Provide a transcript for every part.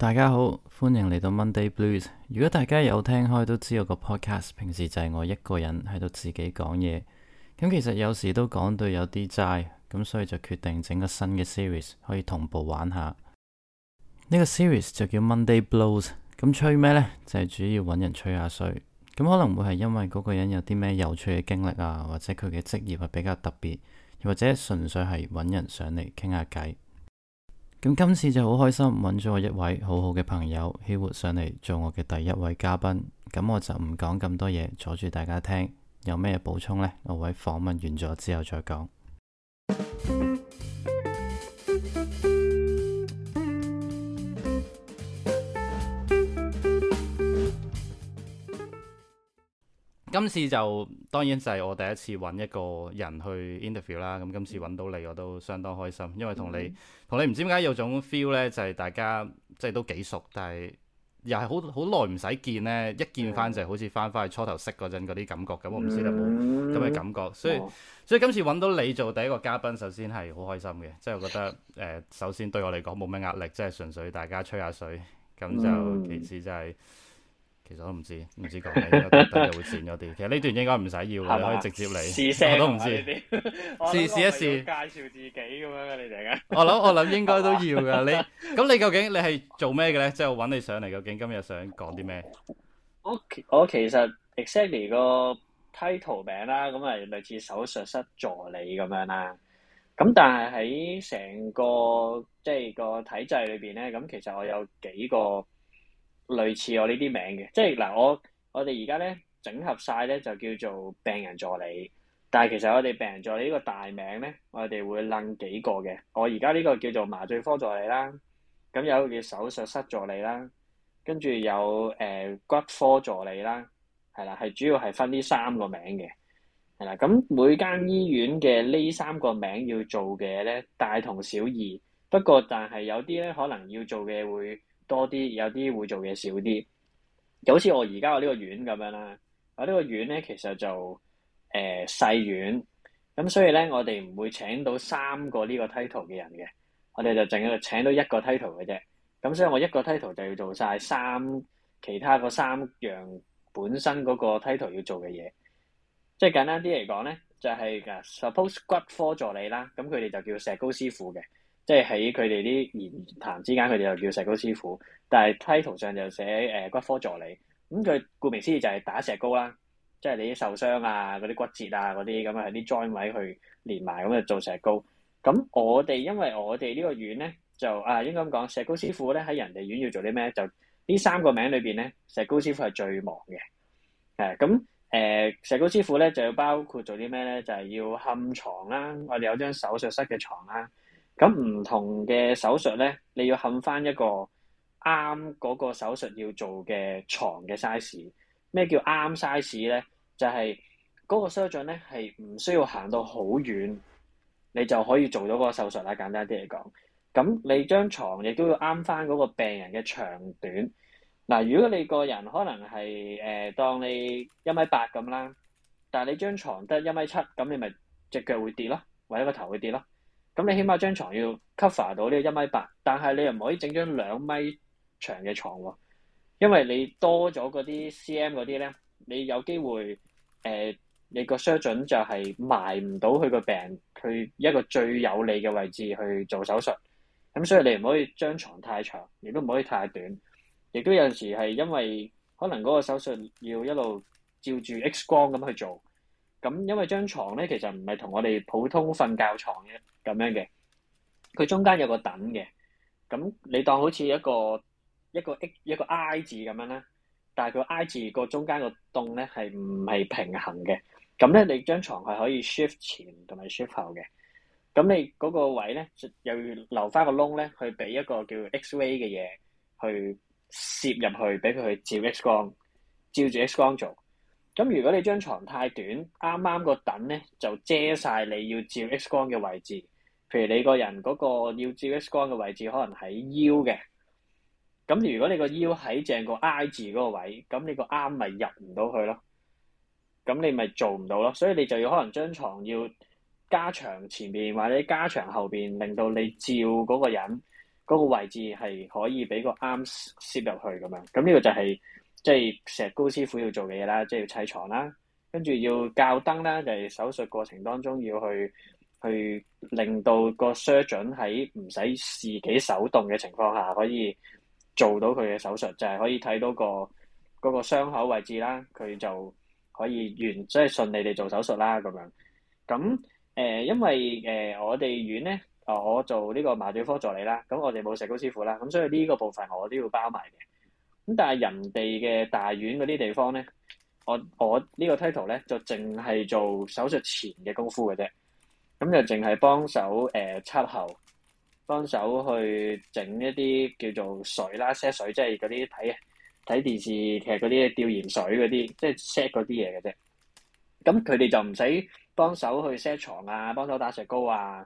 大家好，歡迎嚟到 Monday Blues。如果大家有聽開都知道個 podcast 平時就係我一個人喺度自己講嘢。咁其實有時都講到有啲齋，咁所以就決定整個新嘅 series 可以同步玩下。呢個 series 就叫 Monday Blows。咁吹咩呢？就係主要搵人吹下水。咁可能會係因為嗰個人有啲咩有趣嘅經歷啊，或者佢嘅職業係比較特別，又或者純粹係搵人上嚟傾下偈。咁今次就好開心揾咗我一位好好嘅朋友 Hillwood 上嚟做我嘅第一位嘉賓，咁我就唔講咁多嘢阻住大家聽，有咩補充呢？我位訪問完咗之後再講。 今次就當然就係我第一次揾一個人去 interview 啦。咁今次揾到你，我都相當開心，因為同你同、嗯、你唔知點解有種 feel 呢，就係、係、大家即係都幾熟，但係又係好好耐唔使見呢。一見翻就好似翻返去初頭識嗰陣嗰啲感覺。咁我唔知得冇咁嘅感覺。所以所以今次揾到你做第一個嘉賓，首先係好開心嘅。即係我覺得誒、呃，首先對我嚟講冇咩壓力，即係純粹大家吹下水。咁就其次就係、係。其實我都唔知，唔知講咩，突然又會剪咗啲。其實呢段應該唔使要，你可以直接嚟。我都唔知，試試一試。介紹自己咁樣嘅，你哋啊。我諗我諗應該都要噶。你咁你究竟你係做咩嘅咧？即係我搵你上嚟，究竟今日想講啲咩？我我其實 exactly 個 title 名啦，咁係類似手術室助理咁樣啦。咁但係喺成個即係個體制裏邊咧，咁其實我有幾個。類似我呢啲名嘅，即係嗱，我我哋而家咧，整合晒咧，就叫做病人助理，但係其實我哋病人助理呢個大名咧，我哋會攬幾個嘅。我而家呢個叫做麻醉科助理啦，咁有叫手術室助理啦，跟住有誒、呃、骨科助理啦，係啦，係主要係分呢三個名嘅，係啦。咁每間醫院嘅呢三個名要做嘅咧，大同小異，不過但係有啲咧可能要做嘅會。多啲，有啲會做嘢少啲。就好似我而家我呢個院咁樣啦、啊，我呢個院咧其實就誒、呃、細院，咁所以咧我哋唔會請到三個呢個 title 嘅人嘅，我哋就淨係請到一個 title 嘅啫。咁所以我一個 title 就要做晒三其他嗰三樣本身嗰個 title 要做嘅嘢。即係簡單啲嚟講咧，就係、是、suppose 骨科助理啦，咁佢哋就叫石膏師傅嘅。即係喺佢哋啲言談之間，佢哋又叫石膏師傅，但係批圖上就寫誒、呃、骨科助理。咁、嗯、佢顧名思義就係打石膏啦，即係你啲受傷啊、嗰啲骨折啊、嗰啲咁啊，喺啲 join 位去連埋，咁就做石膏。咁我哋因為我哋呢個院咧，就啊應該咁講，石膏師傅咧喺人哋院要做啲咩咧？就呢三個名裏邊咧，石膏師傅係最忙嘅。誒咁誒，石膏師傅咧就要包括做啲咩咧？就係、是、要冚床啦，我哋有張手術室嘅床啦。咁唔同嘅手術咧，你要冚翻一個啱嗰個手術要做嘅床嘅 size。咩叫啱 size 咧？就係、是、嗰個 surgeon 咧，係唔需要行到好遠，你就可以做到嗰個手術啦。簡單啲嚟講，咁你張床亦都要啱翻嗰個病人嘅長短。嗱，如果你個人可能係誒、呃、當你一米八咁啦，但係你張床得一米七，咁你咪隻腳會跌咯，或者個頭會跌咯。咁你起碼張床要 cover 到呢個一米八，但係你又唔可以整張兩米長嘅床喎、哦，因為你多咗嗰啲 cm 嗰啲咧，你有機會誒、呃，你個 surgeon 就係埋唔到佢個病，佢一個最有利嘅位置去做手術。咁所以你唔可以張床太長，亦都唔可以太短，亦都有陣時係因為可能嗰個手術要一路照住 X 光咁去做。咁因為張床咧，其實唔係同我哋普通瞓覺牀嘅。咁樣嘅，佢中間有個等嘅，咁你當好似一個一個 X 一個 I 字咁樣啦，但係佢 I 字個中間個洞咧係唔係平衡嘅，咁咧你張牀係可以 shift 前同埋 shift 後嘅，咁你嗰個位咧又要留翻個窿咧，去俾一個叫 X-ray 嘅嘢去攝入去，俾佢去照 X 光，照住 X 光做。咁如果你張牀太短，啱啱個等咧就遮晒你要照 X 光嘅位置。譬如你個人嗰個要照 X 光嘅位置，可能喺腰嘅。咁如果你個腰喺正個 I 字嗰個位，咁你個 arm 咪入唔到去咯。咁你咪做唔到咯。所以你就要可能張床要加長前邊或者加長後邊，令到你照嗰個人嗰個位置係可以俾個 arm insert 入去咁樣。咁呢個就係即係石膏師傅要做嘅嘢啦，即係要砌床啦，跟住要校燈啦，就係手術過程當中要去。去令到個 surgeon 喺唔使自己手動嘅情況下，可以做到佢嘅手術，就係可以睇到個嗰個傷口位置啦。佢就可以完，即係順利地做手術啦。咁樣咁誒，因為誒我哋院咧，我做呢個麻醉科助理啦，咁我哋冇石膏師傅啦，咁所以呢個部分我都要包埋嘅。咁但係人哋嘅大院嗰啲地方咧，我我呢個 title 咧就淨係做手術前嘅功夫嘅啫。咁就淨係幫手誒插喉，幫手去整一啲叫做水啦，set 水即係嗰啲睇睇電視劇嗰啲吊鹽水嗰啲，即係 set 嗰啲嘢嘅啫。咁佢哋就唔使幫手去 set 牀啊，幫手打石膏啊，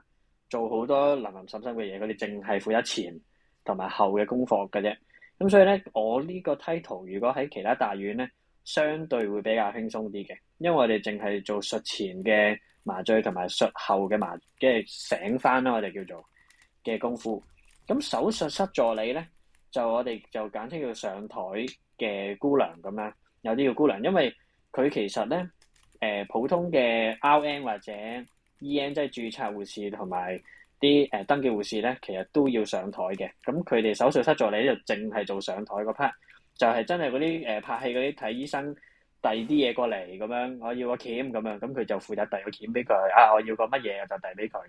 做好多淋淋濕濕嘅嘢。佢哋淨係負責前同埋後嘅功課嘅啫。咁所以咧，我呢個 title 如果喺其他大院咧，相對會比較輕鬆啲嘅，因為我哋淨係做術前嘅麻醉同埋術後嘅麻，即係醒翻啦，我哋叫做嘅功夫。咁手術室助理咧，就我哋就簡稱叫上台嘅姑娘咁啦，有啲叫姑娘，因為佢其實咧，誒、呃、普通嘅 R.N 或者 E.N，即係註冊護士同埋啲誒登記護士咧，其實都要上台嘅。咁佢哋手術室助理就淨係做上台嗰 part。就係真係嗰啲誒拍戲嗰啲睇醫生遞啲嘢過嚟咁樣，我要個鉗咁樣，咁佢就負責遞個鉗俾佢。啊，我要個乜嘢就遞俾佢。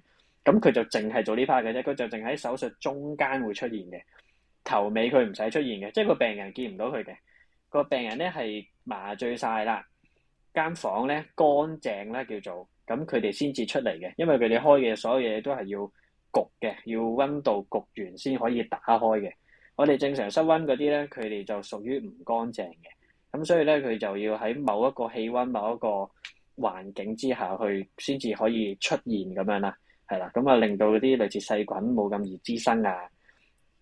咁佢就淨係做呢 part 嘅啫，佢就淨喺手術中間會出現嘅，頭尾佢唔使出現嘅，即係個病人見唔到佢嘅。個病人咧係麻醉晒啦，間房咧乾淨啦叫做，咁佢哋先至出嚟嘅，因為佢哋開嘅所有嘢都係要焗嘅，要温度焗完先可以打開嘅。我哋正常室温嗰啲咧，佢哋就屬於唔乾淨嘅，咁所以咧佢就要喺某一個氣温、某一個環境之下去，先至可以出現咁樣啦，係啦，咁啊令到嗰啲類似細菌冇咁易滋生啊，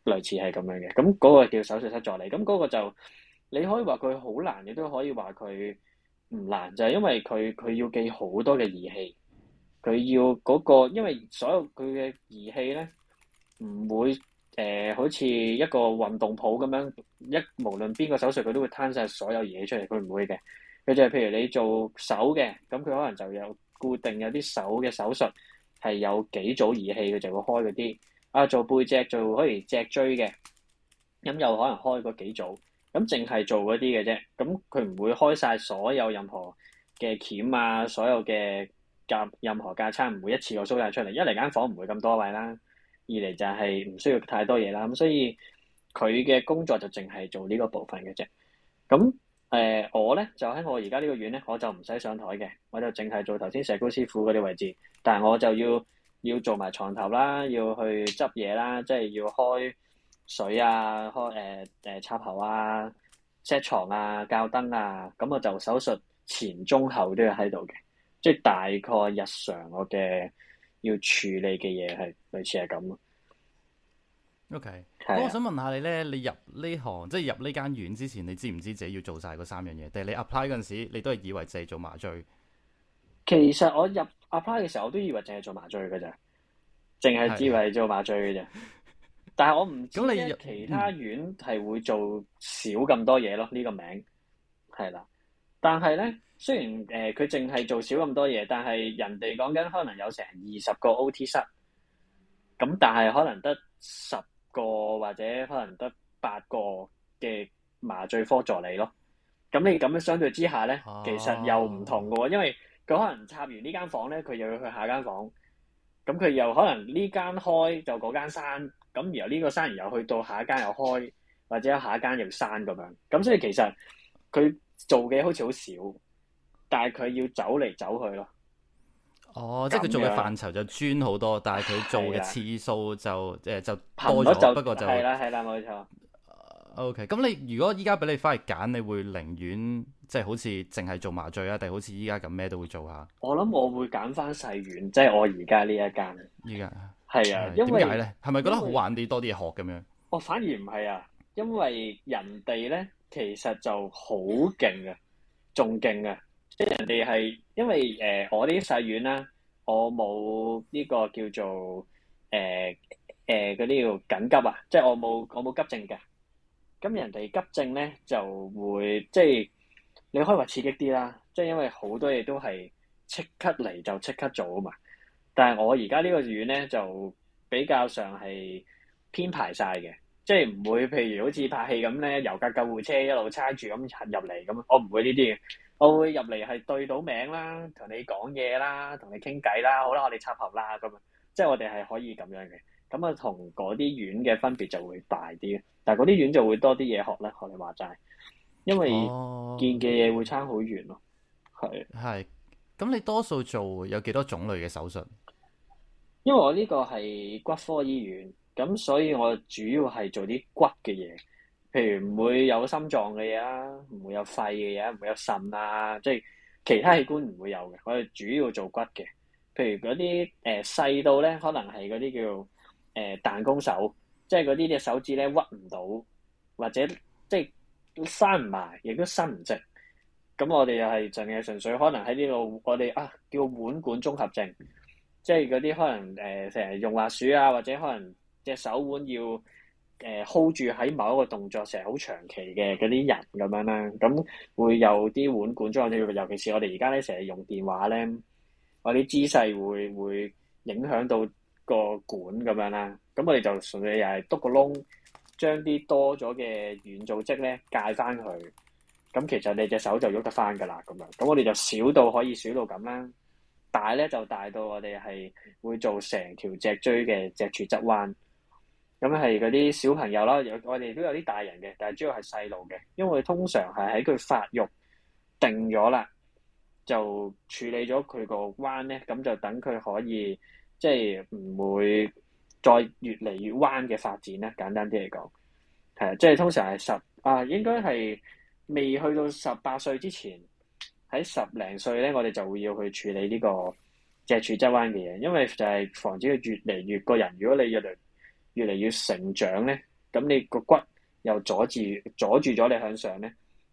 類似係咁樣嘅，咁嗰個叫手術室助理，咁嗰個就你可以話佢好難，亦都可以話佢唔難，就係因為佢佢要記好多嘅儀器，佢要嗰個，因為所有佢嘅儀器咧唔會。誒、呃，好似一個運動鋪咁樣，一無論邊個手術佢都會攤晒所有嘢出嚟，佢唔會嘅。佢就係譬如你做手嘅，咁佢可能就有固定有啲手嘅手術係有幾組儀器，佢就會開嗰啲。啊，做背脊做可以脊椎嘅，咁又可能開嗰幾組，咁淨係做嗰啲嘅啫。咁佢唔會開晒所有任何嘅鉗啊，所有嘅夾任何夾差，唔會一次過掃晒出嚟。因為嚟間房唔會咁多位啦。二嚟就係唔需要太多嘢啦，咁所以佢嘅工作就淨係做呢個部分嘅啫。咁誒、呃、我咧就喺我而家呢個院咧，我就唔使上台嘅，我就淨係做頭先石膏師傅嗰啲位置。但係我就要要做埋床頭啦，要去執嘢啦，即、就、係、是、要開水啊，開誒誒、呃、插喉啊、set 牀啊、校燈啊。咁我就手術前、中、後都要喺度嘅，即、就、係、是、大概日常我嘅。要處理嘅嘢係類似係咁咯。O K，咁我想問下你咧，你入呢行，即係入呢間院之前，你知唔知自己要做晒嗰三樣嘢？定係你 apply 嗰陣時，你都係以為淨係做麻醉？其實我入 apply 嘅時候，我都以為淨係做麻醉嘅啫，淨係以為做麻醉嘅啫。啊、但係我唔知咁 你入其他院係會做少咁多嘢咯。呢、這個名係啦、啊，但係咧。雖然誒，佢淨係做少咁多嘢，但係人哋講緊可能有成二十個 OT 室咁，但係可能得十個或者可能得八個嘅麻醉科助理咯。咁你咁樣相對之下咧，其實又唔同㗎喎，因為佢可能插完呢間房咧，佢又要去下間房。咁佢又可能呢間開就嗰間閂咁，然後呢個閂，然後去到下一間又開，或者下一間又閂咁樣。咁所以其實佢做嘅好似好少。但係佢要走嚟走去咯。哦，即係佢做嘅範疇就專好多，但係佢做嘅次數就誒的、呃、就多咗。 不過就係啦，係啦，冇錯。OK，咁你如果依家俾你翻嚟揀，你會寧願即係好似淨係做麻醉啊，定好似依家咁咩都會做下？我諗我會揀翻細院，即、就、係、是、我而家在呢一間依家係啊。點解咧？係咪覺得好玩啲，為多啲嘢學咁樣？哦，反而唔係啊，因為人哋咧其實就好勁啊，仲勁啊。即係人哋係，因為誒、呃，我呢啲細院啦，我冇呢個叫做誒誒啲叫緊急啊，即係我冇我冇急症嘅。咁人哋急症咧就會即係你可以話刺激啲啦，即係因為好多嘢都係即刻嚟，就即刻做啊嘛。但係我而家呢個院咧就比較上係編排晒嘅，即係唔會譬如好似拍戲咁咧，由架救護車一路撐住咁入嚟咁，我唔會呢啲嘅。我會入嚟係對到名啦，同你講嘢啦，同你傾偈啦，好啦，我哋插合啦，咁樣，即係我哋係可以咁樣嘅。咁啊，同嗰啲院嘅分別就會大啲，但係嗰啲院就會多啲嘢學咧。我哋你話齋，因為見嘅嘢會差好遠咯。係、哦，咁是你多數做有幾多種類嘅手術？因為我呢個係骨科醫院，咁所以我主要係做啲骨嘅嘢。譬如唔會有心臟嘅嘢啊，唔會有肺嘅嘢啊，唔會有腎啊，即係其他器官唔會有嘅。我哋主要做骨嘅。譬如嗰啲誒細到咧，可能係嗰啲叫誒彈弓手，即係嗰啲隻手指咧屈唔到，或者即係伸唔埋，亦都伸唔直。咁我哋又係淨係純粹可能喺呢度，我哋啊叫腕管綜合症，即係嗰啲可能誒成日用滑鼠啊，或者可能隻手腕要，誒、呃、hold 住喺某一個動作成日好長期嘅嗰啲人咁樣啦，咁會有啲腕管綜合症，尤其是我哋而家咧成日用電話咧，我啲姿勢會會影響到個管咁樣啦，咁我哋就純粹又係篤個窿，將啲多咗嘅軟組織咧鎅翻去，咁其實你隻手就喐得翻㗎啦咁樣，咁我哋就小到可以小到咁啦，但係咧就大到我哋係會做成條脊椎嘅脊柱側彎。咁係嗰啲小朋友啦，有我哋都有啲大人嘅，但係主要係細路嘅，因為通常係喺佢發育定咗啦，就處理咗佢個彎咧，咁就等佢可以即係唔會再越嚟越彎嘅發展啦。簡單啲嚟講，係啊，即係通常係十啊，應該係未去到十八歲之前，喺十零歲咧，我哋就會要去處理呢、這個脊柱側彎嘅嘢，因為就係防止佢越嚟越個人。如果你越嚟越嚟越成長咧，咁你個骨又阻住阻住咗你向上咧，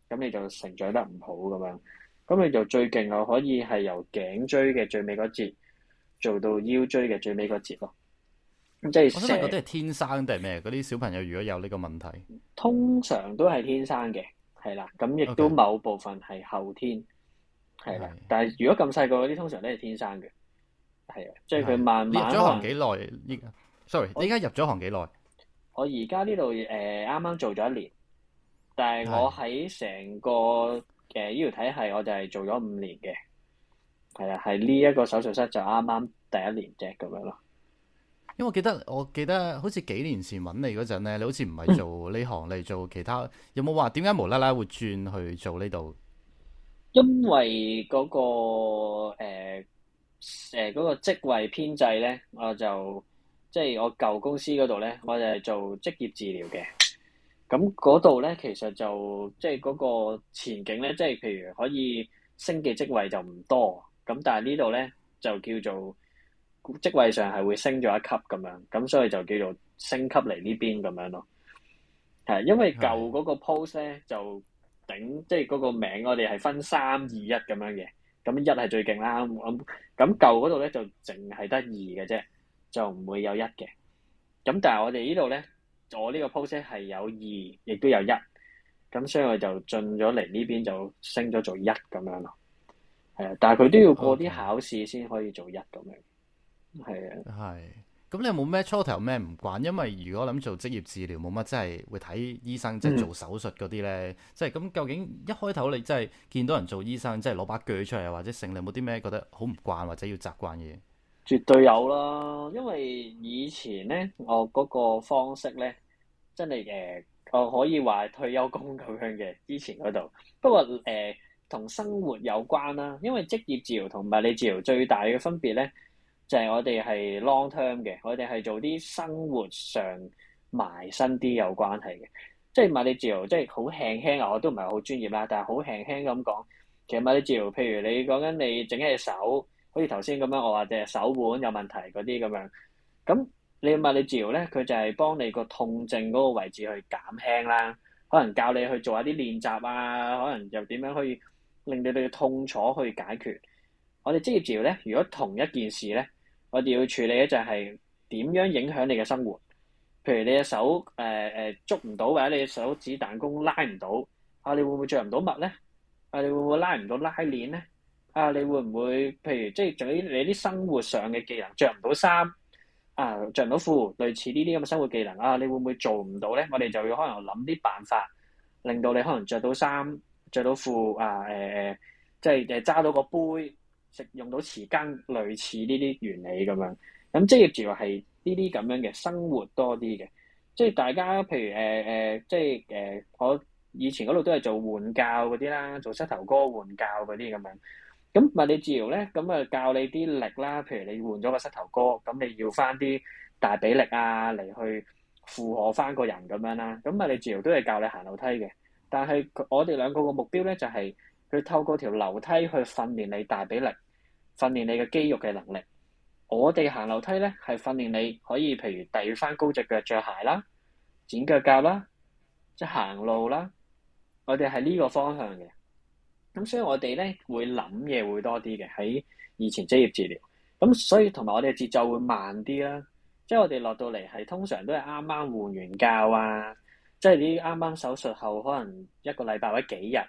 咁你就成長得唔好咁樣。咁你就最勁哦，可以係由頸椎嘅最尾嗰節做到腰椎嘅最尾嗰節咯。即係細個都係天生定係咩？嗰啲小朋友如果有呢個問題，通常都係天生嘅，係啦。咁亦都某部分係後天，係啦。但係如果咁細個嗰啲，通常都係天生嘅，係啊。即係佢慢慢學。行咗幾耐 Sorry，你而家入咗行幾耐？我而家呢度誒，啱、呃、啱做咗一年，但我是、呃這個、係我喺成個誒醫療體系，我就係做咗五年嘅。係啊，係呢一個手術室就啱啱第一年啫，咁樣咯。因為我記得，我記得好似幾年前揾你嗰陣咧，你好似唔係做呢行，嗯、你做其他。有冇話點解無啦啦會轉去做呢度？因為嗰、嗰個誒誒嗰個職位編制咧，我就。即係我舊公司嗰度咧，我就係做職業治療嘅。咁嗰度咧，其實就即係嗰個前景咧，即係譬如可以升嘅職位就唔多。咁但係呢度咧就叫做職位上係會升咗一級咁樣。咁所以就叫做升級嚟呢邊咁樣咯。係因為舊嗰個 post 咧就頂，即係嗰個名我哋係分三二一咁樣嘅。咁一係最勁啦。咁咁舊嗰度咧就淨係得二嘅啫。就唔會有一嘅，咁但係我哋呢度咧，我呢個 post 係有二，亦都有一，咁所以我就進咗嚟呢邊就升咗做一咁樣咯。係啊，但係佢都要過啲考試先可以做一咁樣。係啊，係 Okay. 係啊。咁你有冇咩初頭有咩唔慣？因為如果諗做職業治療冇乜，即係會睇醫生，即係做手術嗰啲咧，嗯、即係咁究竟一開頭你真係見到人做醫生，即係攞把鋸出嚟，或者成，你有冇啲咩覺得好唔慣或者要習慣嘅？絕對有啦，因為以前咧，我嗰個方式咧，真係誒、呃，我可以話退休工咁樣嘅，之前嗰度。不過誒、同、呃、生活有關啦、啊，因為職業治療同物理治療最大嘅分別咧，就係、是、我哋係 long term 嘅，我哋係做啲生活上埋身啲有關係嘅。即係物理治療，即係好輕輕，我都唔係好專業啦，但係好輕輕咁講。其實物理治療，譬如你講緊你整一隻手。好似頭先咁樣，我話隻手腕有問題嗰啲咁樣，咁你物理治療咧，佢就係幫你個痛症嗰個位置去減輕啦。可能教你去做下啲練習啊，可能又點樣可以令到你嘅痛楚去解決。我哋職業治療咧，如果同一件事咧，我哋要處理嘅就係點樣影響你嘅生活。譬如你隻手誒誒、呃、捉唔到，或者你手指彈弓拉唔到，啊你會唔會着唔到襪咧？啊你會唔會拉唔到拉鏈咧？啊！你會唔會譬如即係在於你啲生活上嘅技能，着唔到衫啊，著唔到褲，類似呢啲咁嘅生活技能啊？你會唔會做唔到咧？我哋就要可能諗啲辦法，令到你可能着到衫、着到褲啊？誒、呃，即係誒揸到個杯，食用到匙羹，類似呢啲原理咁樣。咁職業主要係呢啲咁樣嘅生活多啲嘅，即係大家譬如誒誒、呃呃，即係誒、呃，我以前嗰度都係做換教嗰啲啦，做膝頭哥換教嗰啲咁樣。咁物理治療咧，咁啊教你啲力啦，譬如你換咗個膝頭哥，咁你要翻啲大髀力啊嚟去負荷翻個人咁樣啦。咁物理治療都係教你行樓梯嘅，但係我哋兩個個目標咧就係，佢透過條樓梯去訓練你大髀力，訓練你嘅肌肉嘅能力。我哋行樓梯咧係訓練你可以譬如遞翻高隻腳着鞋啦、剪腳甲啦、即係行路啦。我哋係呢個方向嘅。咁所以我哋呢會諗嘢會多啲嘅，喺以前職業治療，咁所以同埋我哋嘅節奏會慢啲啦，即係我哋落到嚟係通常都係啱啱換完教啊，即係啲啱啱手術後可能一個禮拜或者幾日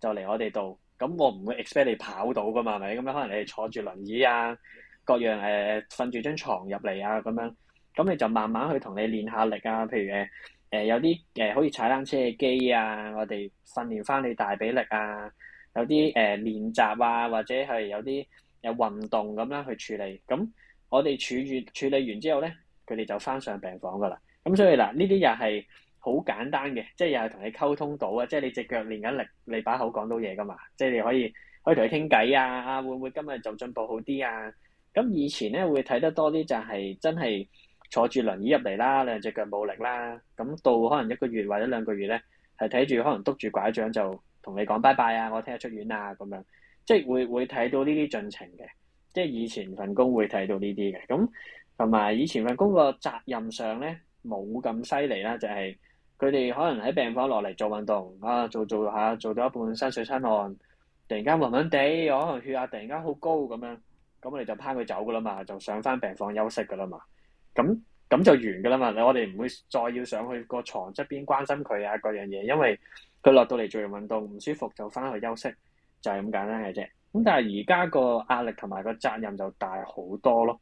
就嚟我哋度，咁我唔會 expect 你跑到噶嘛，係咪咁樣？可能你係坐住輪椅啊，各樣誒瞓住張床入嚟啊，咁樣咁你就慢慢去同你練下力啊。譬如誒誒、呃、有啲誒可以踩單車嘅機啊，我哋訓練翻你大髀力啊。有啲誒練習啊，或者係有啲有運動咁啦去處理。咁我哋處住處理完之後咧，佢哋就翻上病房噶啦。咁所以嗱，呢啲又係好簡單嘅，即係又係同你溝通到啊，即係你隻腳練緊力，你把口講到嘢噶嘛，即係你可以可以同佢傾偈啊。啊，會唔會今日就進步好啲啊？咁以前咧會睇得多啲就係真係坐住輪椅入嚟啦，兩隻腳冇力啦。咁到可能一個月或者兩個月咧，係睇住可能篤住拐杖就。同你講拜拜啊！我聽日出院啊，咁樣即係會會睇到呢啲進程嘅，即係以前份工會睇到呢啲嘅。咁同埋以前份工個責任上咧冇咁犀利啦，就係佢哋可能喺病房落嚟做運動啊，做做下做到一半身水身汗，突然間暈暈地，又可能血壓突然間好高咁樣，咁我哋就拏佢走噶啦嘛，就上翻病房休息噶啦嘛。咁咁就完噶啦嘛，我哋唔會再要上去個床側邊關心佢啊各樣嘢，因為。佢落到嚟做完運動，唔舒服就翻去休息，就係咁簡單嘅啫。咁但係而家個壓力同埋個責任就大好多咯，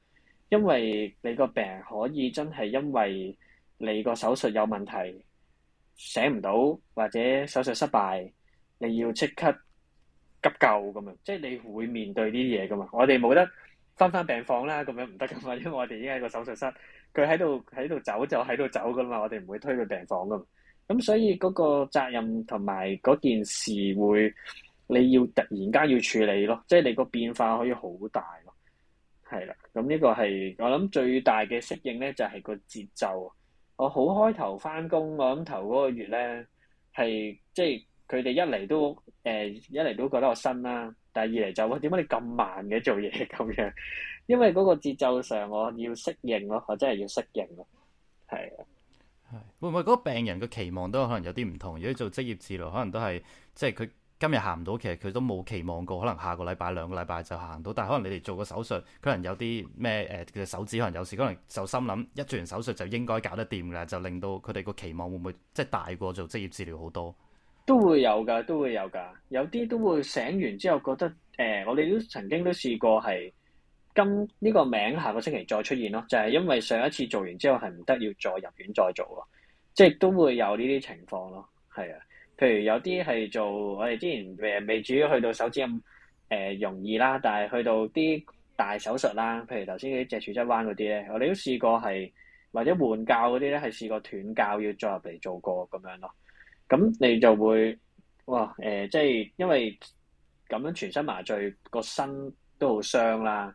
因為你個病可以真係因為你個手術有問題醒唔到，或者手術失敗，你要即刻急救咁樣，即係你會面對呢啲嘢噶嘛。我哋冇得翻翻病房啦，咁樣唔得噶嘛，因為我哋已經喺個手術室，佢喺度喺度走就喺度走噶嘛，我哋唔會推佢病房噶嘛。咁所以嗰個責任同埋嗰件事會，你要突然間要處理咯，即係你個變化可以好大咯，係啦。咁呢個係我諗最大嘅適應咧，就係、是、個節奏。我好開頭返工，我諗頭嗰個月咧係即係佢哋一嚟都誒、呃、一嚟都覺得我新啦，但係二嚟就話點解你咁慢嘅做嘢咁樣？因為嗰個節奏上我要適應咯，我真係要適應咯，係啊。係會唔會嗰個病人個期望都可能有啲唔同？如果做職業治療，可能都係即係佢今日行唔到，其實佢都冇期望過，可能下個禮拜、兩個禮拜就行到。但係可能你哋做個手術，可能有啲咩誒，隻手指可能有事，可能就心諗一做完手術就應該搞得掂噶就令到佢哋個期望會唔會即係大過做職業治療好多都？都會有噶，都會有噶有啲都會醒完之後覺得誒、呃，我哋都曾經都試過係。今呢、呢個名下個星期再出現咯，就係、是、因為上一次做完之後係唔得要再入院再做咯，即係都會有呢啲情況咯，係啊。譬如有啲係做我哋之前誒未至於去到手指咁誒、呃、容易啦，但係去到啲大手術啦，譬如頭先啲脊柱側彎嗰啲咧，我哋都試過，係或者換教嗰啲咧，係試過斷教要再入嚟做過咁樣咯。咁你就會哇誒、呃，即係因為咁樣全身麻醉個身都好傷啦。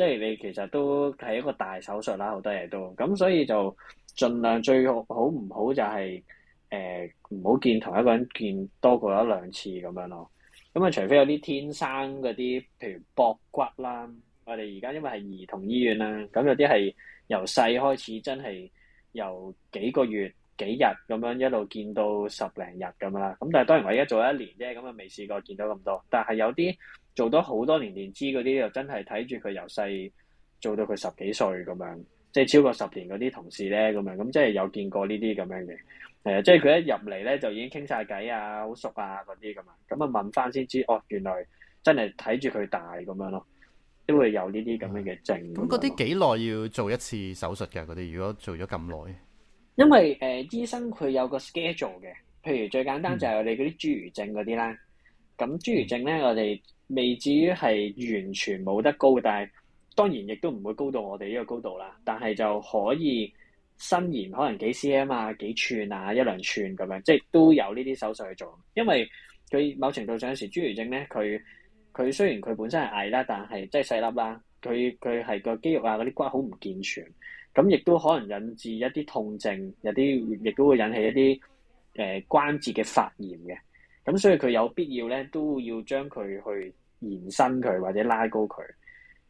即係你其實都係一個大手術啦，好多嘢都咁，所以就盡量最好唔好，好就係誒唔好見同一個人見多過一兩次咁樣咯。咁、嗯、啊，除非有啲天生嗰啲，譬如膊骨啦，我哋而家因為係兒童醫院啦，咁、嗯、有啲係由細開始真係由幾個月幾日咁樣一路見到十零日咁樣啦。咁、嗯、但係當然我而家做咗一年啫，咁啊未試過見到咁多，但係有啲。做咗好多年年資嗰啲又真係睇住佢由細做到佢十幾歲咁樣，即係超過十年嗰啲同事咧咁樣，咁即係有見過呢啲咁樣嘅，係啊，即係佢一入嚟咧就已經傾晒偈啊，好熟啊嗰啲咁啊，咁啊問翻先知哦，原來真係睇住佢大咁樣咯，都會有呢啲咁樣嘅症。咁嗰啲幾耐要做一次手術嘅嗰啲？如果做咗咁耐？因為誒、呃、醫生佢有個 schedule 嘅，譬如最簡單就係我哋嗰啲侏儒症嗰啲啦。嗯咁侏儒症咧，我哋未至於係完全冇得高，但係當然亦都唔會高到我哋呢個高度啦。但係就可以伸延可能幾 cm 啊、幾寸啊、一兩寸咁樣，即係都有呢啲手術去做。因為佢某程度上時，侏儒症咧，佢佢雖然佢本身係矮啦，但係即係細粒啦，佢佢係個肌肉啊、嗰啲骨好唔健全，咁亦都可能引致一啲痛症，有啲亦都會引起一啲誒、呃、關節嘅發炎嘅。咁、嗯、所以佢有必要咧，都要將佢去延伸佢或者拉高佢，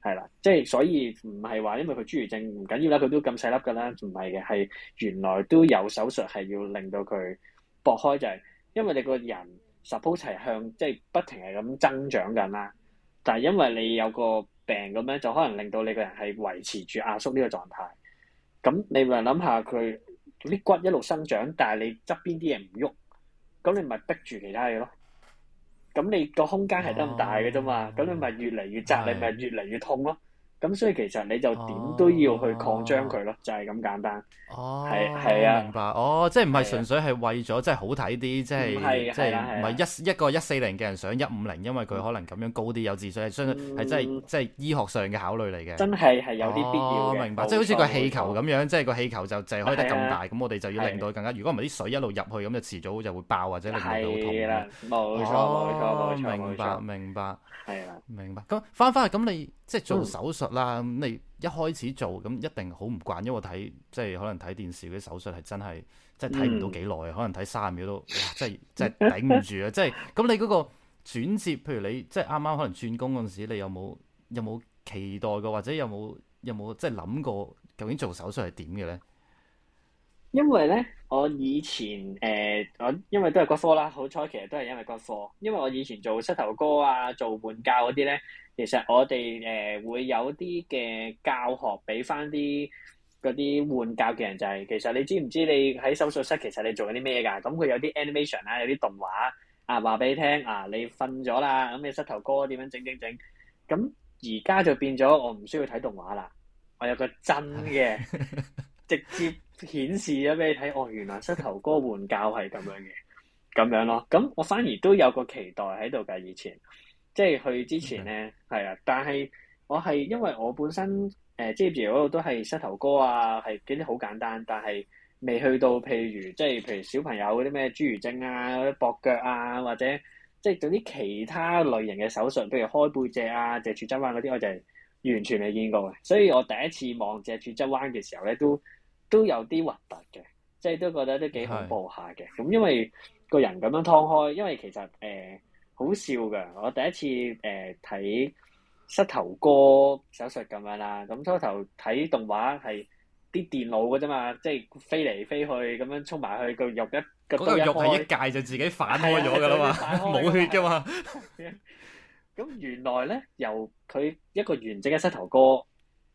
係啦，即係所以唔係話因為佢侏儒症唔緊要啦，佢都咁細粒噶啦，唔係嘅，係原來都有手術係要令到佢搏開就係、是，因為你個人 suppose 係向即係不停係咁增長緊啦，但係因為你有個病咁咧，就可能令到你個人係維持住壓縮呢個狀態，咁你咪諗下佢啲骨一路生長，但係你側邊啲嘢唔喐。咁你咪逼住其他嘢咯，咁你個空間係得咁大嘅啫嘛，咁、oh, oh. 你咪越嚟越窄，oh, oh. 你咪越嚟越痛咯。咁所以其實你就點都要去擴張佢咯，就係咁簡單。哦，係係啊，明白。哦，即係唔係純粹係為咗即係好睇啲，即係即係唔係一一個一四零嘅人上一五零，因為佢可能咁樣高啲有自信相信，係真係即係醫學上嘅考慮嚟嘅。真係係有啲必要嘅。明白，即係好似個氣球咁樣，即係個氣球就就係可以得咁大，咁我哋就要令到更加。如果唔係啲水一路入去，咁就遲早就會爆或者令到好痛。冇錯冇錯冇錯，明白明白。係啊，明白。咁翻返去咁你即係做手術。嗱，你一開始做咁一定好唔慣，因為我睇即係可能睇電視嗰啲手術係真係即係睇唔到幾耐，嗯、可能睇三秒都哇，真係真係頂唔住啊！ 即係咁你嗰個轉接，譬如你即係啱啱可能轉工嗰陣時，你有冇有冇期待過，或者有冇有冇即係諗過究竟做手術係點嘅咧？因為咧，我以前誒、呃、我因為都係骨科啦，好彩其實都係因為骨科，因為我以前做膝頭哥啊，做換教嗰啲咧。其實我哋誒、呃、會有啲嘅教學俾翻啲嗰啲換教嘅人，就是，就係其實你知唔知你喺手術室其實你做緊啲咩噶？咁佢有啲 animation 啦，有啲動畫啊，話俾你聽啊，你瞓咗啦，咁你膝頭哥點樣整整整？咁而家就變咗，我唔需要睇動畫啦，我有個真嘅直接顯示咗俾你睇，哦，原來膝頭哥換教係咁樣嘅，咁樣咯。咁我反而都有個期待喺度噶，以前。即係去之前咧，係啊 Okay.！但係我係因為我本身誒職、呃、業嗰度都係膝頭哥啊，係嗰啲好簡單，但係未去到譬如即係譬如小朋友嗰啲咩侏儒症啊、駁腳啊，或者即係做啲其他類型嘅手術，譬如開背脊啊、脊柱側彎嗰啲，我就係完全未見過嘅。所以我第一次望脊柱側彎嘅時候咧，都都有啲核突嘅，即係都覺得都幾恐怖下嘅。咁是因為個人咁樣劏開，因為其實誒。呃。好笑噶！我第一次誒睇膝頭哥手術咁樣啦，咁初頭睇動畫係啲電腦噶啫嘛，即係飛嚟飛去咁樣衝埋去個肉一，嗰個肉係一界就自己反開咗噶啦嘛，冇血噶嘛。咁原來咧，由佢一個完整嘅膝頭哥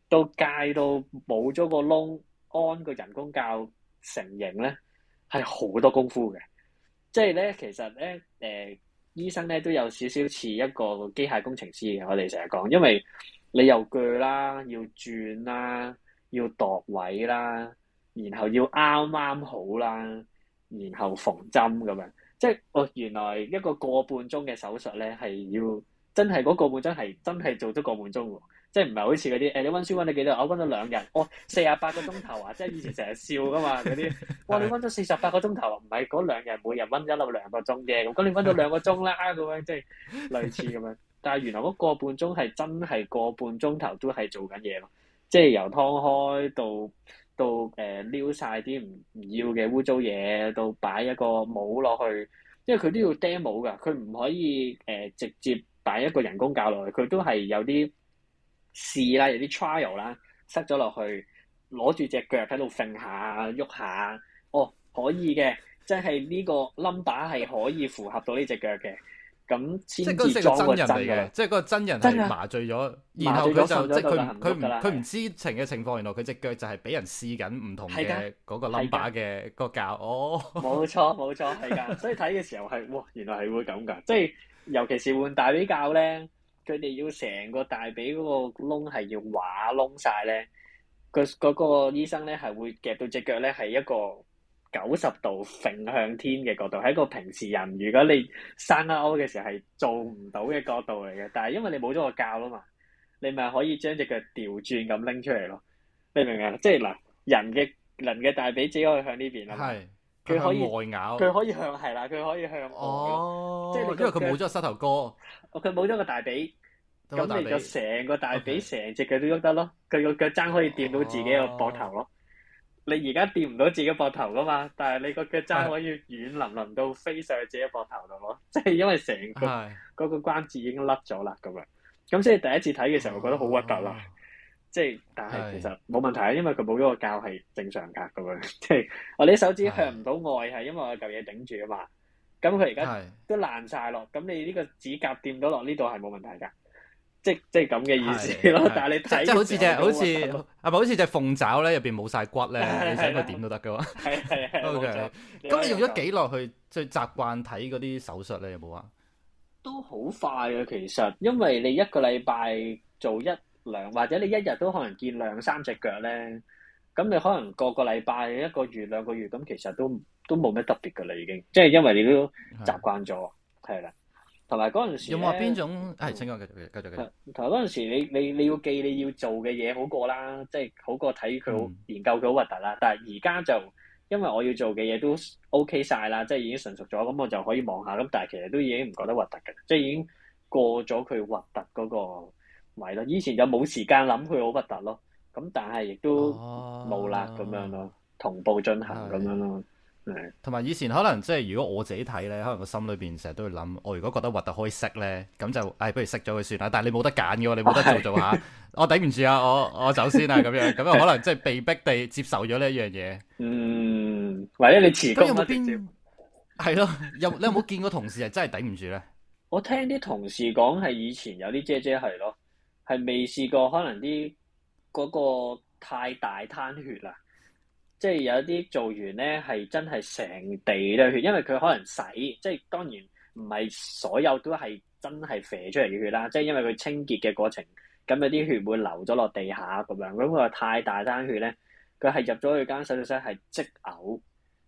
到界到冇咗個窿，安個人工教成形咧，係好多功夫嘅。即係咧，其實咧，誒。醫生咧都有少少似一個機械工程師嘅，我哋成日講，因為你又鋸啦，要轉啦，要度位啦，然後要啱啱好啦，然後縫針咁樣，即係哦，原來一個過半鐘個過半鐘嘅手術咧，係要真係嗰個半鐘係真係做咗個半鐘。即係唔係好似嗰啲誒，你溫書溫咗幾多？我溫咗兩日，我四十八個鐘頭啊！即係以前成日笑噶嘛嗰啲哇！你溫咗四十八個鐘頭啊？唔係嗰兩日每日溫一粒兩個鐘啫。咁你溫咗兩個鐘啦咁樣，即係類似咁樣。但係原來嗰個半鐘係真係個半鐘頭都係做緊嘢咯，即係由劏開到到誒撩晒啲唔唔要嘅污糟嘢，到擺一個帽落去，因為佢都要釘帽㗎，佢唔可以誒、呃、直接擺一個人工膠落去，佢都係有啲。試啦，有啲 trial 啦，塞咗落去，攞住隻腳喺度揈下、喐下，哦，可以嘅，即係呢個 number 係可以符合到呢隻腳嘅，咁先至裝個真嘅。即係嗰個真人係麻醉咗，的然後佢就即係佢佢佢唔知情嘅情況，對 原來佢隻腳就係俾人試緊唔同嘅嗰個 number 嘅個髀較。哦，冇錯冇錯，係噶， 所以睇嘅時候係，哇，原來係會咁噶，即係尤其是換大髀較咧。 佢哋要成個大髀嗰個窿係要畫窿晒咧，個、那、嗰個醫生咧係會夾到隻腳咧係一個九十度揈向天嘅角度，係一個平時人如果你生得攞嘅時候係做唔到嘅角度嚟嘅，但係因為你冇咗個教啊嘛，你咪可以將隻腳調轉咁拎出嚟咯，你明唔明啊？即係嗱，人嘅人嘅大髀只可以向呢邊啦。佢可以，向外咬，佢可以向係啦，佢可以向哦，oh, 即係因為佢冇咗個膝頭哥，佢冇咗個大髀，咁你就成個大髀，成隻腳都喐得咯。佢個腳踭可以掂到自己個膊頭咯。Oh. 你而家掂唔到自己膊頭噶嘛？但係你個腳踭可以軟淋淋到飛上去自己膊頭度咯。即係、oh. 因為成個嗰、oh. 個關節已經甩咗啦，咁樣。咁所以第一次睇嘅時候，我覺得好核突啦。Oh. 即係，但係其實冇問題啊，因為佢冇咗個膠係正常噶，咁樣即係我啲手指向唔到外，係因為我嚿嘢頂住啊嘛。咁佢而家都爛晒咯，咁你呢個指甲掂到落呢度係冇問題噶，即係即係咁嘅意思咯。但係你睇，即係好似隻好似啊，唔好似隻鳳爪咧，入邊冇晒骨咧，你想佢點都得噶。係係係。O K，咁你用咗幾耐去即係習慣睇嗰啲手術咧？有冇啊？都好快啊，其實，因為你一個禮拜做一。或者你一日都可能見兩三隻腳咧，咁你可能個個禮拜一個月兩個月咁，其實都都冇咩特別噶啦，已經，即係因為你都習慣咗，係啦的。同埋嗰陣時有冇話邊種？係請我繼續繼續，繼續同埋嗰陣時你，你你你要記你要做嘅嘢好過啦，即係好過睇佢研究佢好核突啦。的但係而家就因為我要做嘅嘢都 OK 晒啦，即係已經純熟咗，咁我就可以望下咁。但係其實都已經唔覺得核突嘅，即係已經過咗佢核突嗰個。咪咯，以前就冇時間諗佢好核突咯，咁但係亦都冇啦咁樣咯，同步進行咁樣咯，同埋以前可能即係如果我自己睇咧，可能我心裏邊成日都會諗，我如果覺得核突可以熄咧，咁就唉、哎，不如熄咗佢算啦。但係你冇得揀嘅喎，你冇得做就做下是的，我頂唔住啊，我我走先啦咁樣，咁可能即係被逼地接受咗呢一樣嘢。嗯，或者你辭工乜嘢？係咯接，又你有冇見過同事係 真係頂唔住咧？我聽啲同事講係以前有啲姐姐係咯。係未試過，可能啲嗰、嗰個太大攤血啦，即係有啲做完咧，係真係成地都血，因為佢可能洗，即係當然唔係所有都係真係肥出嚟嘅血啦，即係因為佢清潔嘅過程，咁有啲血會流咗落地下咁樣，咁佢話太大攤血咧，佢係入咗佢間洗手室係即嘔。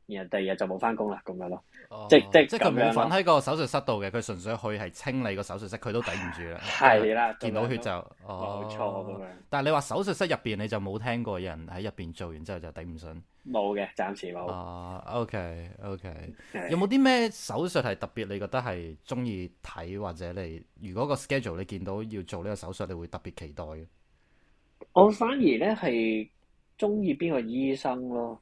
然後第二日就冇翻工啦，咁樣咯，哦、即即即佢冇份喺個手術室度嘅，佢純粹去係清理個手、啊、手術室，佢都抵唔住啦，係啦，見到血就冇錯咁樣。但係你話手術室入邊，你就冇聽過有人喺入邊做完之後就抵唔順？冇嘅，暫時冇。OK，OK，有冇啲咩手術係特別你覺得係中意睇，或者你如果個 schedule 你見到要做呢個手術，你會特別期待嘅？我反而咧係中意邊個醫生咯。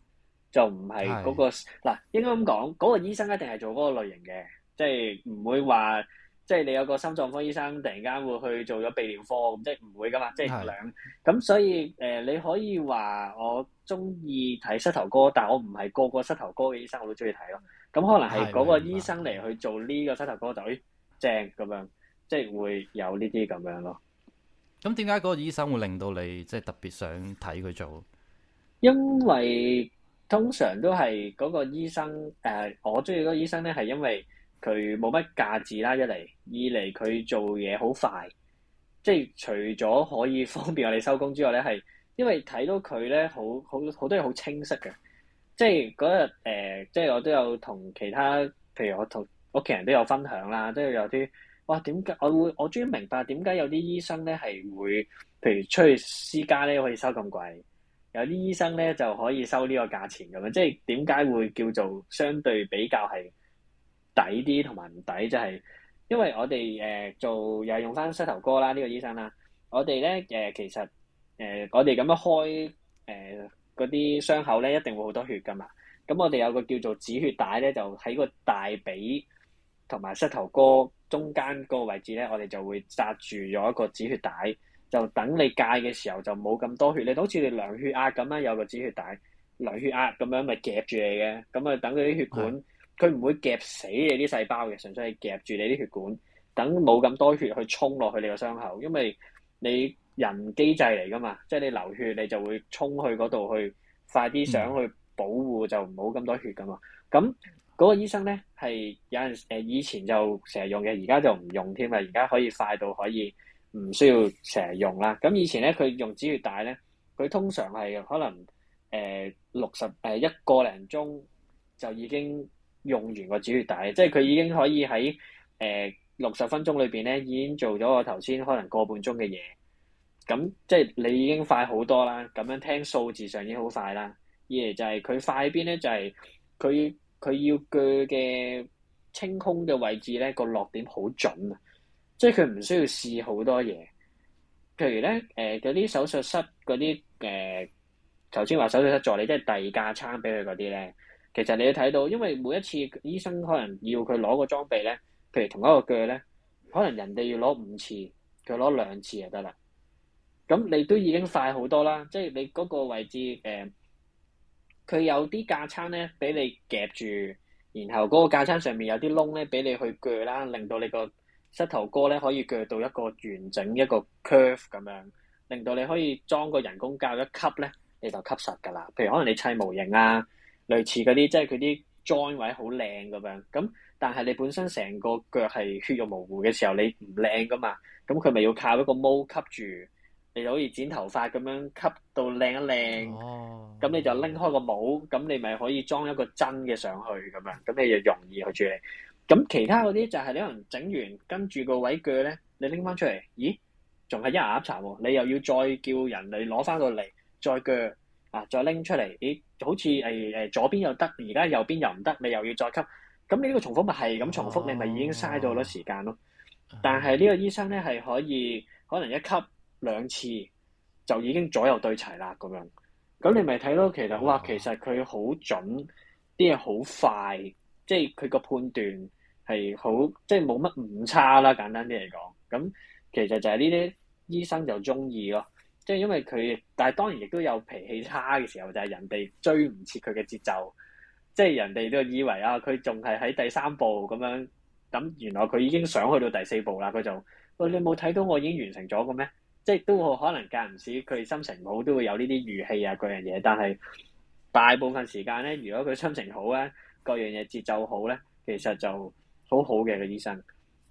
就唔係嗰個嗱，是應該咁講，嗰個醫生一定係做嗰個類型嘅，即係唔會話即係你有個心臟科醫生，突然間會去做咗泌尿科咁，即係唔會噶嘛，即係兩咁，是所以誒、呃，你可以話我中意睇膝頭哥，但我唔係個個膝頭哥嘅醫生我都中意睇咯。咁可能係嗰個醫生嚟去做呢個膝頭哥就誒正咁樣，即係會有呢啲咁樣咯。咁點解嗰個醫生會令到你即係特別想睇佢做？因為通常都係嗰個醫生誒、呃，我中意嗰個醫生咧，係因為佢冇乜架子啦，一嚟二嚟佢做嘢好快，即係除咗可以方便我哋收工之外咧，係因為睇到佢咧，好好好多嘢好清晰嘅。即係嗰日誒，即係我都有同其他，譬如我同屋企人都有分享啦，都有啲哇，點解我會我終於明白點解有啲醫生咧係會，譬如出去私家咧可以收咁貴。有啲醫生咧就可以收呢個價錢咁樣，即係點解會叫做相對比較係抵啲同埋唔抵？就係、是、因為我哋誒、呃、做又係用返膝頭哥啦，呢、這個醫生啦，我哋咧誒其實誒、呃、我哋咁樣開誒嗰啲傷口咧，一定會好多血㗎嘛。咁我哋有個叫做止血帶咧，就喺個大髀同埋膝頭哥中間個位置咧，我哋就會紮住咗一個止血帶。就等你戒嘅時候就冇咁多血，你好似你量血壓咁樣，有個止血帶、量血壓咁樣咪夾住你嘅。咁啊等佢啲血管，佢唔的會夾死你啲細胞嘅，純粹係夾住你啲血管，等冇咁多血去衝落去你個傷口，因為你人機制嚟噶嘛，即係你流血你就會衝去嗰度去快啲上去保護、嗯、就冇咁多血噶嘛，咁嗰、嗰個醫生咧係有陣時誒、呃、以前就成日用嘅，而家就唔用添啦，而家可以快到可以。唔需要成日用啦。咁以前咧，佢用止血帶咧，佢通常係可能誒六十誒一個零鐘就已經用完個止血帶，即係佢已經可以喺誒六十分鐘裏邊咧已經做咗我頭先可能個半鐘嘅嘢。咁即係你已經快好多啦。咁樣聽數字上已經好快啦。二嚟就係佢快喺邊咧？就係佢佢要鋸嘅清空嘅位置咧，個落點好準啊！即係佢唔需要試好多嘢，譬如咧，誒嗰啲手術室嗰啲誒頭先話手術室助理即係遞架撐俾佢嗰啲咧，其實你睇到，因為每一次醫生可能要佢攞個裝備咧，譬如同一個鋸咧，可能人哋要攞五次，佢攞兩次就得啦。咁你都已經快好多啦，即係你嗰個位置誒，佢、呃、有啲架撐咧俾你夾住，然後嗰個架撐上面有啲窿咧俾你去鋸啦，令到你個膝頭哥咧可以鋸到一個完整一個 curve 咁樣，令到你可以裝個人工教一吸咧，你就吸實㗎啦。譬如可能你砌模型啊，類似嗰啲，即係佢啲 join 位好靚咁樣。咁但係你本身成個腳係血肉模糊嘅時候，你唔靚噶嘛。咁佢咪要靠一個帽吸住，你就好似剪頭髮咁樣吸到靚一靚。咁你就拎開個帽，咁你咪可以裝一個真嘅上去咁樣，咁你就容易去處理。咁其他嗰啲就係你可能整完跟住個位鋸咧，你拎翻出嚟，咦？仲係一鴨茶喎、啊！你又要再叫人嚟攞翻個嚟再鋸啊，再拎出嚟，咦？好似誒誒左邊又得，而家右邊又唔得，你又要再吸。咁你呢個重複咪係咁重複，啊、你咪已經嘥咗好多時間咯。啊啊、但係呢個醫生咧係可以可能一吸兩次就已經左右對齊啦咁樣。咁你咪睇到其實哇，啊啊、其實佢好準，啲嘢好快。即係佢個判斷係好，即係冇乜誤差啦。簡單啲嚟講，咁其實就係呢啲醫生就中意咯。即係因為佢，但係當然亦都有脾氣差嘅時候，就係人哋追唔切佢嘅節奏。即係人哋都以為啊，佢仲係喺第三步咁樣，咁原來佢已經上去到第四步啦。佢就喂、啊，你冇睇到我已經完成咗嘅咩？即係都可能間唔時佢心情唔好都會有呢啲語氣啊嗰樣嘢，但係大部分時間咧，如果佢心情好咧。個樣嘢節奏好咧，其實就好好嘅個醫生，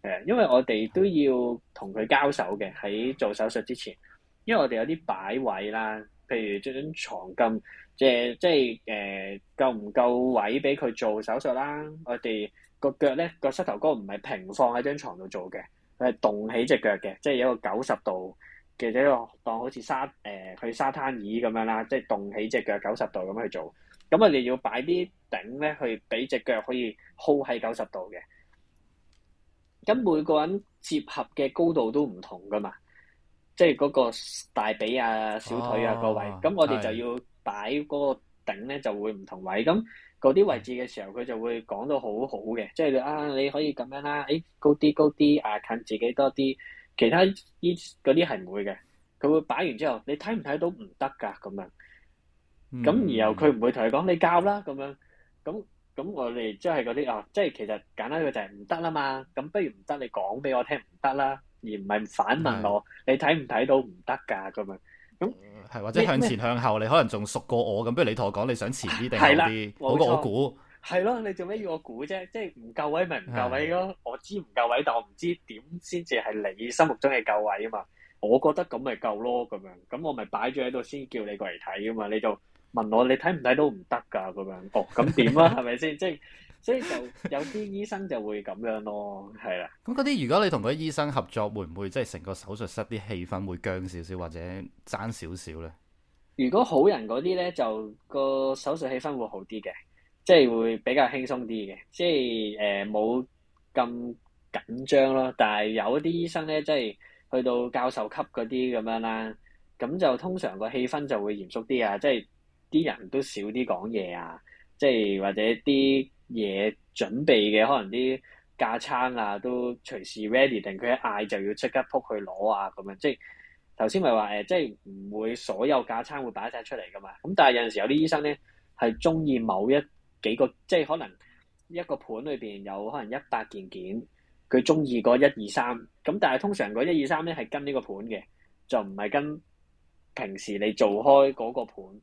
誒，因為我哋都要同佢交手嘅，喺做手術之前，因為我哋有啲擺位啦，譬如將張床咁，即係即係誒、呃、夠唔夠位俾佢做手術啦？我哋個腳咧，個膝頭哥唔係平放喺張床度做嘅，佢係棟起隻腳嘅，即係有個九十度嘅一個，當好似沙誒、呃、去沙灘椅咁樣啦，即係棟起隻腳九十度咁去做。咁我哋要擺啲頂咧，去俾隻腳可以 hold 喺九十度嘅。咁每個人接合嘅高度都唔同噶嘛，即係嗰個大髀啊、小腿啊個位。咁、啊、我哋就要擺嗰個頂咧，就會唔同位。咁嗰啲位置嘅時候，佢就會講到好好嘅，即係啊，你可以咁樣啦，誒、哎、高啲高啲啊，近自己多啲。其他呢啲係唔會嘅，佢會擺完之後，你睇唔睇到唔得噶咁樣。咁，然後佢唔會同你講你交啦咁樣，咁咁我哋即係嗰啲啊，即係其實簡單嘅就係唔得啦嘛。咁不如唔得，你講俾我聽唔得啦，而唔係反問我的你睇唔睇到唔得㗎咁樣。咁係或者向前向後，你可能仲熟過我咁，不如你同我講你想前啲定後啲好過的我估。係咯錯，你做咩要我估啫？即係唔夠位咪唔夠位咯。的我知唔夠位，但我唔知點先至係你心目中嘅夠位啊嘛。我覺得咁咪夠咯咁樣。咁我咪擺咗喺度先叫你過嚟睇啊嘛。你就。你就問我你睇唔睇都唔得噶咁樣，哦咁點啊？係咪先？即係 所以就有啲醫生就會咁樣咯，係啦。咁嗰啲如果你同嗰啲醫生合作，會唔會即係成個手術室啲氣氛會僵少少或者爭少少咧？如果好人嗰啲咧，就個手術氣氛會好啲嘅，即係會比較輕鬆啲嘅，即係誒冇咁緊張咯。但係有一啲醫生咧，即係去到教授級嗰啲咁樣啦，咁就通常個氣氛就會嚴肅啲啊，即係。啲人都少啲講嘢啊，即係或者啲嘢準備嘅，可能啲架撐啊都隨時 ready 定，佢一嗌就要即刻撲去攞啊咁樣。即係頭先咪話誒，即係唔會所有架撐會擺晒出嚟㗎嘛。咁但係有陣時有啲醫生咧，係中意某一幾個，即係可能一個盤裏邊有可能一百件件，佢中意嗰一二三。咁但係通常嗰一二三咧，係跟呢個盤嘅，就唔係跟平時你做開嗰個盤。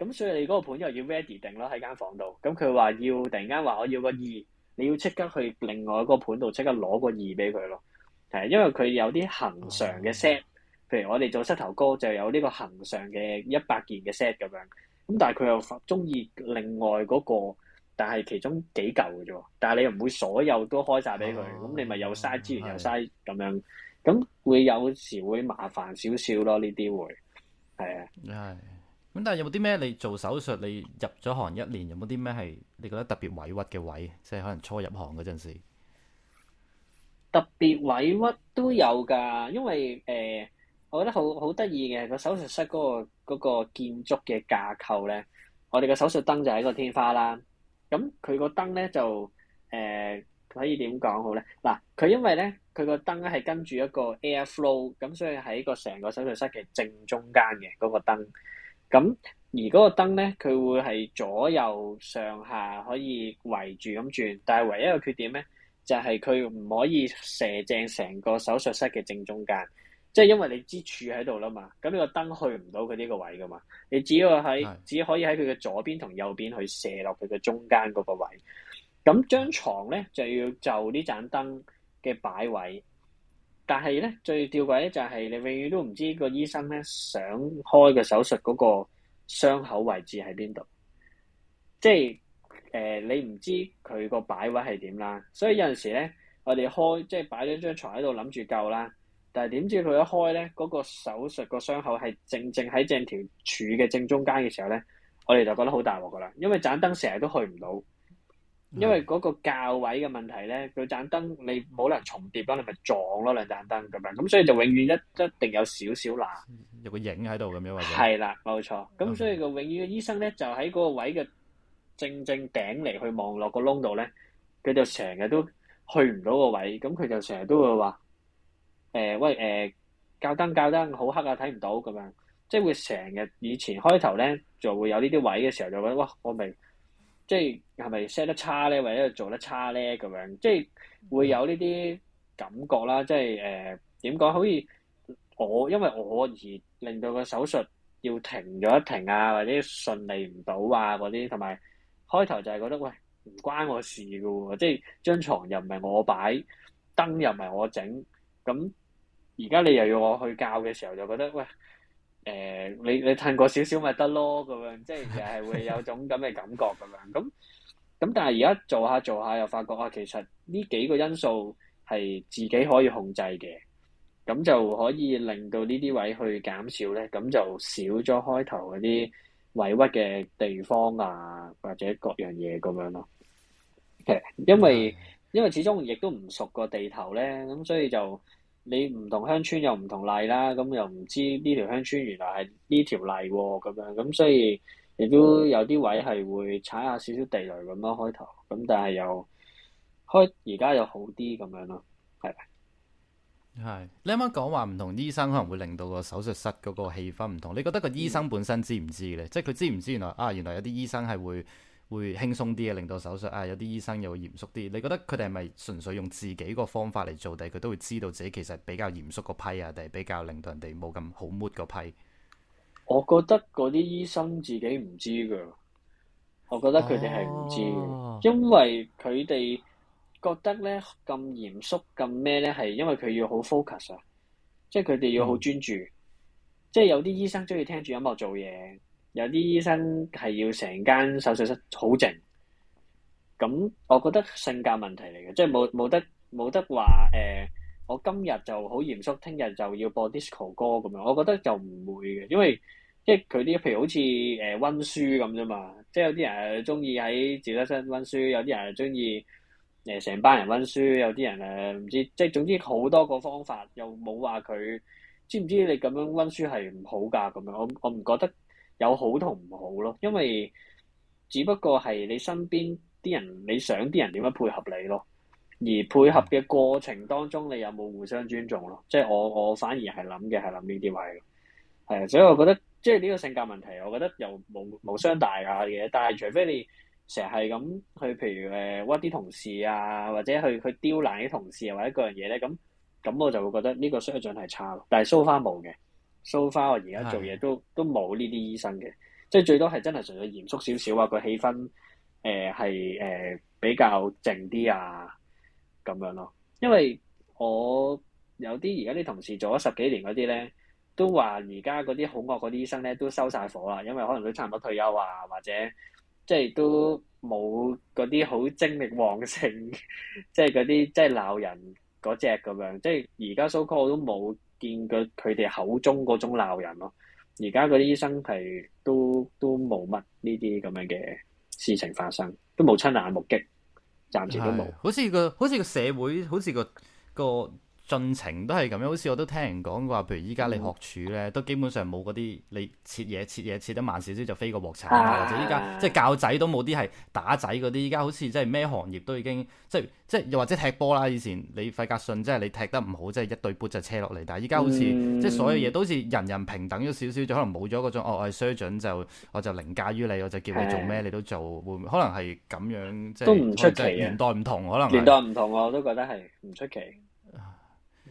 咁、嗯、所以你嗰個盤又要 ready 定咯喺間房度，咁佢話要突然間話我要個二，你要即刻去另外嗰個盤度即刻攞個二俾佢咯，係因為佢有啲恒常嘅 set，譬如我哋做膝頭哥就有呢個恒常嘅一百件嘅 set 咁樣，咁但係佢又中意另外嗰、嗰個，但係其中幾嚿嘅啫喎，但係你又唔會所有都開晒俾佢，咁、啊、你咪又嘥資源又嘥咁樣，咁的會有時會麻煩少少咯呢啲會，係啊。咁但係有冇啲咩？你做手術你入咗行一年有冇啲咩係你覺得特別委屈嘅位？即係可能初入行嗰陣時特別委屈都有噶，因為誒，我覺得好好得意嘅個手術室嗰個嗰個建築嘅架構咧。我哋嘅手術燈就喺個天花啦。咁佢個燈咧就誒可以點講好咧？嗱，佢因為咧佢個燈咧係跟住一個 air flow 咁，所以喺個成個手術室嘅正中間嘅嗰個燈。咁而嗰個燈咧，佢會係左右上下可以圍住咁轉，但係唯一個缺點咧，就係佢唔可以射正成個手術室嘅正中間，即係因為你支柱喺度啦嘛，咁呢個燈去唔到佢呢個位噶嘛，你只要喺只可以喺佢嘅左邊同右邊去射落佢嘅中間嗰個位。咁張床咧就要就呢盞燈嘅擺位。但係咧，最吊詭就係你永遠都唔知個醫生咧想開嘅手術嗰個傷口位置喺邊度，即係誒、呃、你唔知佢個擺位係點啦。所以有陣時咧，我哋開即係擺咗張牀喺度諗住救啦，但係點知佢一開咧，嗰、嗰個手術個傷口係正正喺正條柱嘅正中間嘅時候咧，我哋就覺得好大鑊㗎喇，因為盞燈成日都去唔到。因為嗰個較位嘅問題咧，佢盞燈你冇可能重疊咯，你咪撞咯兩盞燈咁樣，咁所以就永遠一一定有少少啦，有個影喺度咁樣或者係啦，冇錯。咁所以個永遠嘅醫生咧，就喺嗰個位嘅正正頂嚟去望落個窿度咧，佢就成日都去唔到個位，咁佢就成日都會話，誒、欸，喂，誒、欸，較燈較燈好黑啊，睇唔到咁樣，即係會成日以前開頭咧就會有呢啲位嘅時候，就覺得哇，我明。」即係係咪 set 得差咧，或者做得差咧咁樣，即係會有呢啲感覺啦。即係誒點講，好似我因為我而令到個手術要停咗一停啊，或者順利唔到啊嗰啲，同埋開頭就係覺得喂，唔關我事㗎喎，即係張床又唔係我擺，燈又唔係我整，咁而家你又要我去教嘅時候，就覺得喂。誒、呃，你你褪過少少咪得咯，咁樣即係係會有種咁嘅感覺咁樣，咁咁但係而家做下做下又發覺啊，其實呢幾個因素係自己可以控制嘅，咁就可以令到呢啲位去減少咧，咁就少咗開頭嗰啲委屈嘅地方啊，或者各樣嘢咁樣咯。因為因為始終亦都唔熟個地頭咧，咁所以就。你唔同鄉村又唔同例啦，咁又唔知呢條鄉村原來係呢條例咁樣，咁所以亦都有啲位係會踩下少少地雷咁咯開頭，咁但係又開而家又好啲咁樣咯，係咪？係。你啱啱講話唔同醫生可能會令到個手術室嗰個氣氛唔同，你覺得個醫生本身知唔知咧？嗯、即係佢知唔知原來啊，原來有啲醫生係會。會輕鬆啲嘅，令到手術啊，有啲醫生又會嚴肅啲。你覺得佢哋係咪純粹用自己個方法嚟做，定佢都會知道自己其實比較嚴肅個批啊，定係比較令到人哋冇咁好 mood 個批我？我覺得嗰啲醫生自己唔知噶，我覺得佢哋係唔知，因為佢哋覺得咧，咁嚴肅咁咩咧，係因為佢要好 focus 啊，即係佢哋要好專注。即係有啲醫生中意聽住音樂做嘢。有啲醫生係要成間手術室好靜，咁我覺得性格問題嚟嘅，即係冇冇得冇得話誒、呃，我今日就好嚴肅，聽日就要播 disco 歌咁樣。我覺得就唔會嘅，因為即係佢啲譬如好似誒溫書咁啫嘛，即係有啲人中意喺自修室溫書，有啲人中意誒成班人溫書，有啲人誒唔知，即係總之好多個方法，又冇話佢知唔知你咁樣溫書係唔好㗎咁樣。我我唔覺得。有好同唔好咯，因為只不過係你身邊啲人，你想啲人點樣配合你咯，而配合嘅過程當中，你有冇互相尊重咯？即係我我反而係諗嘅係諗呢啲位嘅，係啊，所以我覺得即係呢個性格問題，我覺得又冇無傷大雅嘅，但係除非你成日係咁去，譬如誒屈啲同事啊，或者去去刁難啲同事啊，或者各樣嘢咧，咁咁我就會覺得呢個水準係差咯，但係 so far 冇嘅。so far 我而家做嘢都都冇呢啲醫生嘅， 即係最多係真係純粹嚴肅少少啊，個氣氛，誒係誒，比較靜啲啊咁樣咯。因為我有啲而家啲同事做咗十幾年嗰啲咧，都話而家嗰啲好惡嗰啲醫生咧都收晒火啦，因為可能都差唔多退休啊，或者即係都冇嗰啲好精力旺盛，即係嗰啲即係鬧人嗰隻咁樣。即係而家 so call 我都冇。見過佢哋口中嗰種鬧人咯，而家嗰啲醫生係都都冇乜呢啲咁樣嘅事情發生，都冇親眼目擊，暫時都冇。好似個好似個社會，好似個個。個盡情都係咁樣，好似我都聽人講過，譬如依家你學廚咧，都基本上冇嗰啲你切嘢切嘢切得慢少少就飛過鑊鏟，啊、或者依家即係教仔都冇啲係打仔嗰啲，依家好似即係咩行業都已經即係即係又或者踢波啦，以前你費格遜即係你踢得唔好，即係一對砵就車落嚟，但係依家好似、嗯、即係所有嘢都好似人人平等咗少少，就可能冇咗嗰種哦，我係 Sir 準就我就凌駕於你，我就叫你做咩你都做，會、啊、可能係咁樣即係年代唔同，可能年代唔同，我都覺得係唔出奇。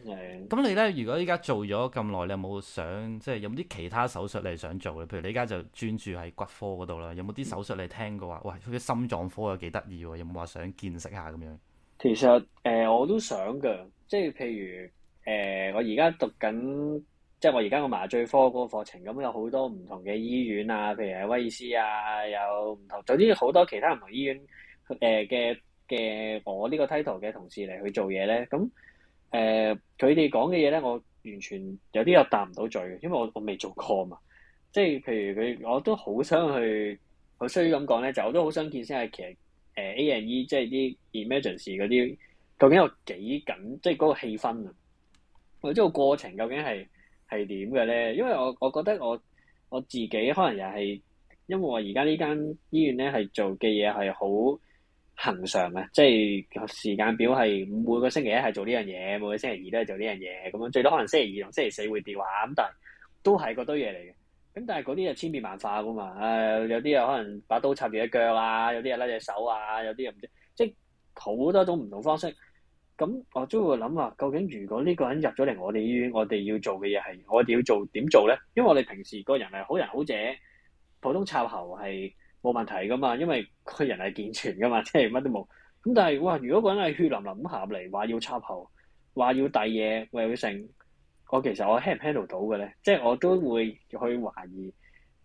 咁你咧？如果依家做咗咁耐，你有冇想即係有冇啲其他手術你係想做咧？譬如你依家就專注喺骨科嗰度啦，有冇啲手術你聽過話？哇，好似心臟科有幾得意，有冇話想見識下咁樣？其實誒、呃，我都想噶，即係譬如誒、呃，我而家讀緊即係我而家個麻醉科嗰個課程，咁有好多唔同嘅醫院啊，譬如威爾斯啊，有唔同，總之好多其他唔同醫院誒嘅嘅我呢個 title 嘅同事嚟去做嘢咧，咁。誒，佢哋講嘅嘢咧，我完全有啲又答唔到罪。嘅，因為我我未做 c a 嘛。即係譬如佢，我都好想去，我雖然咁講咧，就我都好想見先下。其實誒、呃、A and E，即係啲 emergency 嗰啲，究竟有幾緊？即係嗰個氣氛啊，或者個過程究竟係係點嘅咧？因為我我覺得我我自己可能又係因為我而家呢間醫院咧係做嘅嘢係好。恒常嘅，即係時間表係每個星期一係做呢樣嘢，每個星期二都係做呢樣嘢，咁樣最多可能星期二同星期四會掉下，咁但係都係嗰堆嘢嚟嘅。咁但係嗰啲又千變萬化噶嘛，誒有啲又可能把刀插住隻腳啊，有啲又甩隻手啊，有啲又唔知，即係好多種唔同方式。咁我都會諗啊，究竟如果呢個人入咗嚟我哋醫院，我哋要做嘅嘢係，我哋要做點做咧？因為我哋平時個人係好人好者，普通插喉係。冇問題噶嘛，因為個人係健全噶嘛，即係乜都冇。咁但係，哇！如果個人係血淋淋咁下嚟，話要插喉，話要遞嘢，我成，我其實我 handle 唔 handle 到嘅咧？即係我都會去懷疑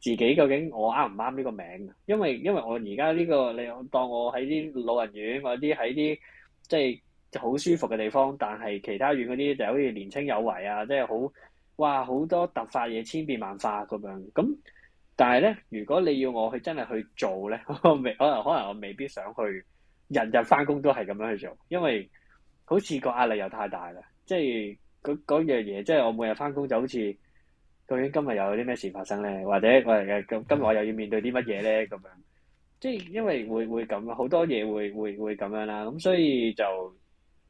自己究竟我啱唔啱呢個名。因為因為我而家呢個，你當我喺啲老人院或者喺啲即係好舒服嘅地方，但係其他院嗰啲就好似年青有為啊，即係好哇好多突發嘢，千變萬化咁樣咁。但係咧，如果你要我去真係去做咧，我未可能可能我未必想去，日日翻工都係咁樣去做，因為好似個壓力又太大啦，即係嗰樣嘢，即係、就是、我每日翻工就好似究竟今日又有啲咩事發生咧，或者我哋今今日又要面對啲乜嘢咧咁樣，即係因為會會咁，好多嘢會會會咁樣啦，咁所以就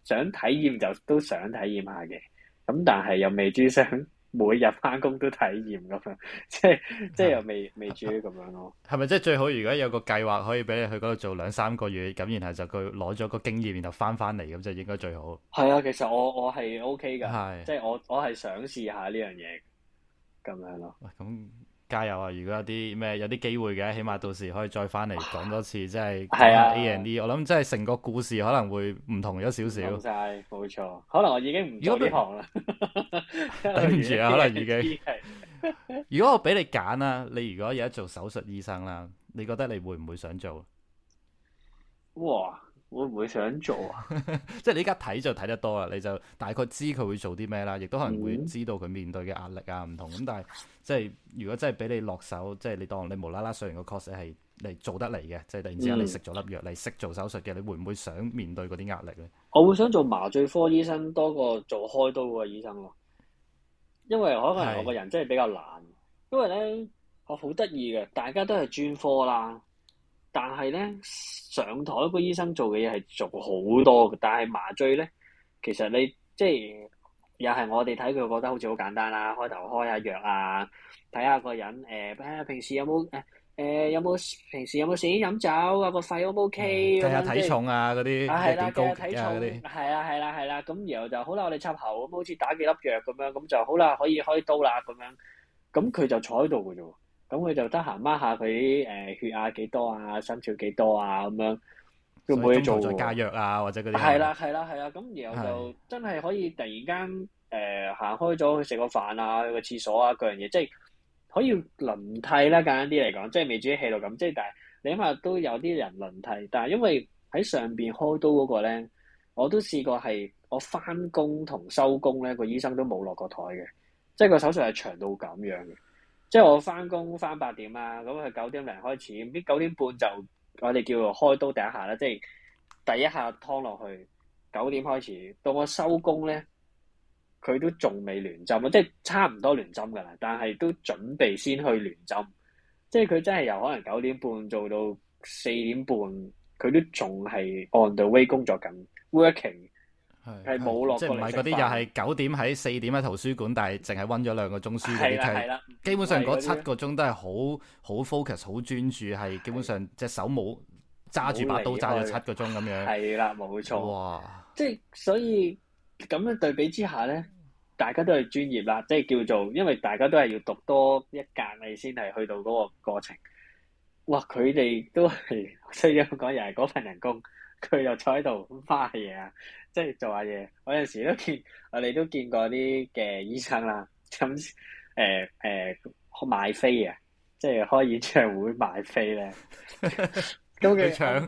想體驗就都想體驗下嘅，咁但係又未知想。每日翻工都體驗咁樣， 即係即係又未 未至於咁樣咯。係咪即係最好？如果有個計劃可以俾你去嗰度做兩三個月，咁然後就佢攞咗個經驗，然後翻翻嚟咁，就應該最好。係啊，其實我我係 OK 㗎，即係 我我係想試下呢樣嘢，咁樣咯。喂，咁。加油啊！如果有啲咩有啲機會嘅，起碼到時可以再翻嚟講多次，即係、啊、A and E，啊、我諗即係成個故事可能會唔同咗少少。冇曬，冇錯。可能我已經唔做呢行啦。對唔住啊！可能已經。如果我俾你揀啦，你如果而家做手術醫生啦，你覺得你會唔會想做？哇！會唔會想做啊？ 即係你而家睇就睇得多啦，你就大概知佢會做啲咩啦，亦都可能會知道佢面對嘅壓力啊，唔同咁。但係即係如果真係俾你落手，即係你當你無啦啦上完個 course 係你做得嚟嘅，即係突然之間你食咗粒藥嚟識做手術嘅，你會唔會想面對嗰啲壓力咧？我會想做麻醉科醫生多過做開刀嘅醫生咯，因為可能我個人真係比較懶。是因為咧，我好得意嘅，大家都係專科啦。但係咧，上台個醫生做嘅嘢係做好多嘅，但係麻醉咧，其實你即係又係我哋睇佢覺得好似好簡單啦。開頭開下藥啊，睇下個人誒，平時有冇誒誒有冇平時有冇時飲酒啊？個肺 O 唔 O K？睇下體重啊嗰啲，有幾高啊嗰啲。係啦，係啦，係啦，咁然後就好啦，我哋插喉咁，好似打幾粒藥咁樣，咁就好啦，可以開刀啦咁樣。咁佢就坐喺度㗎啫喎。咁佢就得閒 mark 下佢，誒血壓幾多啊，心跳幾多啊，咁樣，會唔會做咗加藥啊，或者嗰啲，係啦係啦係啦，咁然後就真係可以突然間誒、呃、行開咗去食個飯啊，去個廁所啊，各樣嘢，即係可以輪替啦簡單啲嚟講，即係未至於企喺度咁，即係但係你起碼都有啲人輪替，但係因為喺上邊開刀嗰個咧，我都試過係我翻工同收工咧個醫生都冇落個台嘅，即係個手術係長到咁樣嘅。即係我翻工翻八點啊，咁佢九點零開始，唔知九點半就我哋叫做開刀第一下啦，即係第一下劏落去九點開始，到我收工咧，佢都仲未聯針啊，即係差唔多聯針噶啦，但係都準備先去聯針，即係佢真係由可能九點半做到四點半，佢都仲係 on the way 工作緊 working。係，冇落即係唔係嗰啲又係九點喺四點喺圖書館，但係淨係溫咗兩個鐘書嗰啲。係係啦，基本上嗰七個鐘都係好好 focus，好專注，係的基本上隻手冇揸住把刀揸咗七個鐘咁樣。係啦，冇錯。哇，即係所以咁樣對比之下咧，大家都係專業啦，即係叫做因為大家都係要讀多一間你先係去到嗰個過程。哇！佢哋都係，所以講又係嗰份人工，佢又坐喺度咁花嘢啊。即係做下嘢，我有陣時都見我哋都見過啲嘅醫生啦。咁誒誒，買飛啊！即係開演唱會買飛咧。咁佢搶，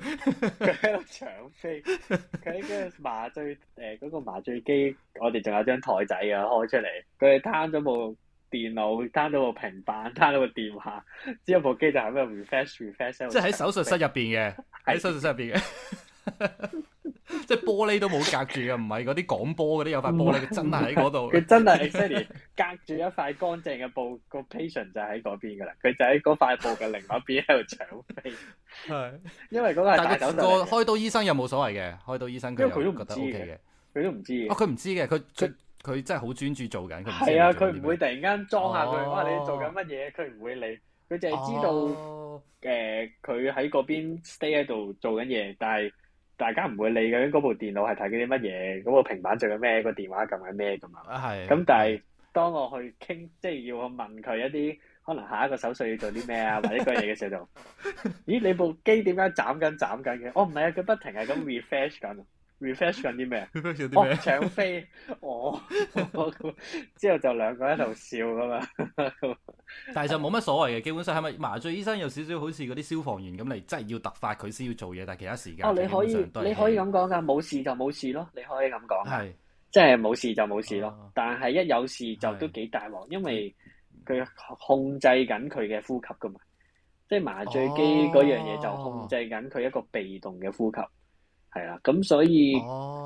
佢喺度搶飛。佢嗰、呃嗰個麻醉誒，嗰個麻醉機，我哋仲有張台仔噶開出嚟。佢哋攤咗部電腦，攤咗部平板，攤咗部電話，之後部機就係咩 refresh，refresh 即係喺手術室入邊嘅，喺手術室入邊嘅。 即係玻璃都冇隔住呀，唔係嗰啲講波嗰啲有塊玻璃，佢真係喺嗰度。佢真係隔住一塊乾淨嘅布，個 patient 就喺嗰邊噶啦。佢就喺嗰塊布嘅另外一邊喺度搶飛。係 因為嗰個係大手術，開刀醫生有冇所謂嘅，開刀醫生。佢為佢都覺得 OK 嘅，佢都唔知嘅。哦，佢唔知嘅，佢專佢真係好專注做緊。係啊，佢唔會突然間裝下佢，哇！你做緊乜嘢？佢唔會理會，佢淨係知道誒，佢喺嗰邊 stay 喺度做緊嘢，但係。大家唔會理究竟嗰部電腦係睇緊啲乜嘢，嗰個平板做緊咩，個電話撳緊咩咁樣。係。咁但係當我去傾，即係要去問佢一啲可能下一個手術要做啲咩啊，或者嗰嘢嘅時候，就咦你部機點解斬緊斬緊嘅？我唔係啊，佢不，不停係咁 refresh 緊。refresh 緊啲咩？我搶飛，我之後就兩個喺度笑噶嘛。 但係就冇乜所謂嘅，基本上係咪麻醉醫生有少少好似嗰啲消防員咁嚟，真係要突發佢先要做嘢，但係其他時間哦，你可以你可以咁講噶，冇事就冇事咯。你可以咁講，係即係冇事就冇事咯。但係一有事就都幾大鑊，是因為佢控制緊佢嘅呼吸噶嘛。即係麻醉機嗰樣嘢，哦，就控制緊佢一個被動嘅呼吸。係啦，咁、啊、所以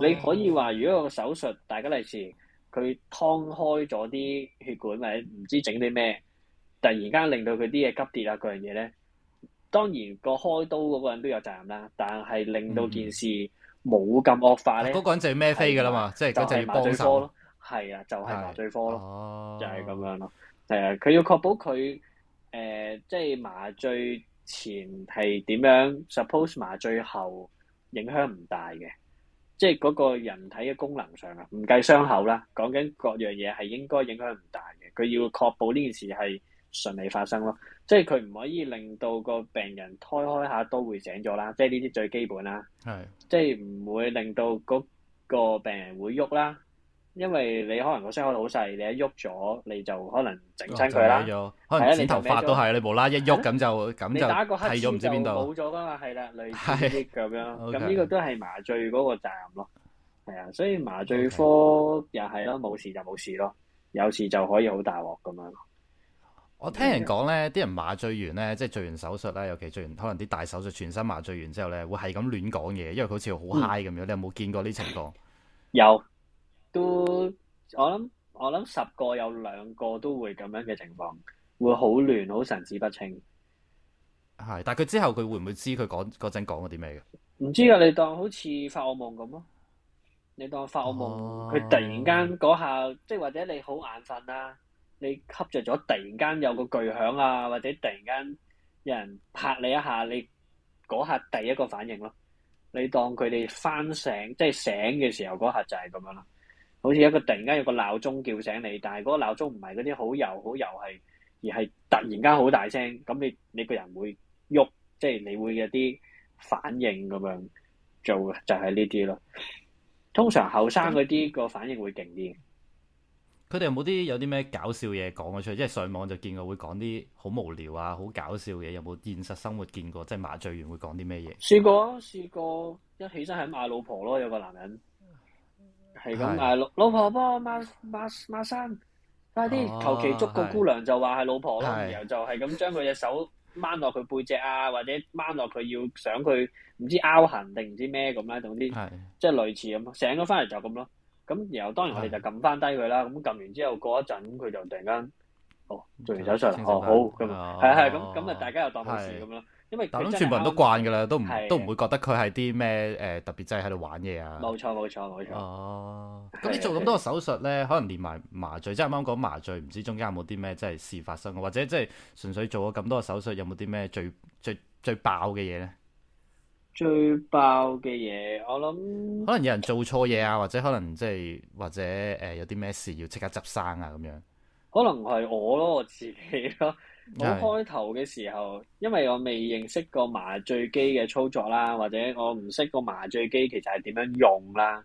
你可以話，如果個手術，大家例如佢劏開咗啲血管或者唔知整啲咩，突然間令到佢啲嘢急跌啊，嗰樣嘢咧，當然個開刀嗰個人都有責任啦，但係令到件事冇咁惡化咧，嗰、嗯那個人就要孭飛噶啦嘛，即係、啊、就要、是、麻醉科咯，係啊，就係、是、麻醉科咯，啊、就係咁樣咯，誒、啊，佢要確保佢誒、呃，即係麻醉前係點樣，suppose 麻醉後。影響唔大嘅，即係嗰個人體嘅功能上啊，唔計傷口啦，講緊各樣嘢係應該影響唔大嘅。佢要確保呢件事係順利發生咯，即係佢唔可以令到個病人胎開下都會醒咗啦，即係呢啲最基本啦。係是，即係唔會令到嗰個病人會喐啦。因為你可能個傷口好細，你一喐咗，你就可能整親佢啦。可能剪頭髮都係，嗯、你冇啦一喐咁的就咁就剃咗，唔知邊度。冇咗噶嘛，係啦，類似咁樣。咁呢、okay. 個都係麻醉嗰個責任咯。係啊，所以麻醉科又係咯，冇 Okay. 事就冇事咯，有事就可以好大鑊咁樣。我聽人講咧，啲人麻醉完咧，即係做完手術咧，尤其做完可能啲大手術全身麻醉完之後咧，會係咁亂講嘢，因為佢好似好嗨 i g 咁樣。嗯、你有冇見過呢情況？有。都我諗我諗十個有兩個都會咁樣嘅情況，會好亂好神志不清。係，但係佢之後佢會唔會知佢講嗰陣講咗啲咩嘅？唔知啊，你當好似發惡夢咁咯。你當發惡夢，佢、oh. 突然間嗰下，即係或者你好眼瞓啦，你瞌着咗，突然間有個巨響啊，或者突然間有人拍你一下，你嗰下第一個反應咯。你當佢哋翻醒，即係醒嘅時候嗰下就係咁樣啦。好似一個突然間有個鬧鐘叫醒你，但係嗰個鬧鐘唔係嗰啲好柔好柔係，而係突然間好大聲，咁你你個人會喐，即係你會有啲反應咁樣做嘅，就係呢啲咯。通常後生嗰啲個反應會勁啲。佢哋有冇啲有啲咩搞笑嘢講咗出嚟？即係上網就見過會講啲好無聊啊，好搞笑嘢。有冇現實生活見過？即係麻醉員會講啲咩嘢？試過啊，試過一起身係咁嗌老婆咯，有個男人。係咁，誒老老婆幫我抹抹身，快啲求其捉個姑娘就話係老婆咯，啊、然後就係咁將佢隻手掹落佢背脊啊，或者掹落佢要上佢唔知拗痕定唔知咩咁樣，總之即係類似咁，醒咗翻嚟就咁咯。咁然後當然我哋就撳翻低佢啦。咁撳完之後過一陣，佢就突然間哦、喔、做完手術哦好咁啊，係啊係咁咁啊，大家又當冇事咁咯。哦因為大家全部人都慣嘅啦，都唔的都唔會覺得佢係啲咩誒特別真係喺度玩嘢啊。冇錯冇錯冇錯。錯錯哦，咁的你做咁多個手術咧，可能連埋麻醉，即係啱啱講麻醉，唔知中間有冇啲咩即係事發生，或者即係純粹做咗咁多個手術，有冇啲咩最最最爆嘅嘢咧？最爆嘅嘢，我諗可能有人做錯嘢啊，或者可能即係或者誒有啲咩事要即刻執生啊咁樣。可能係我咯，我自己咯。我的開頭嘅時候，因為我未認識過麻醉機嘅操作啦，或者我唔識個麻醉機其實係點樣用啦。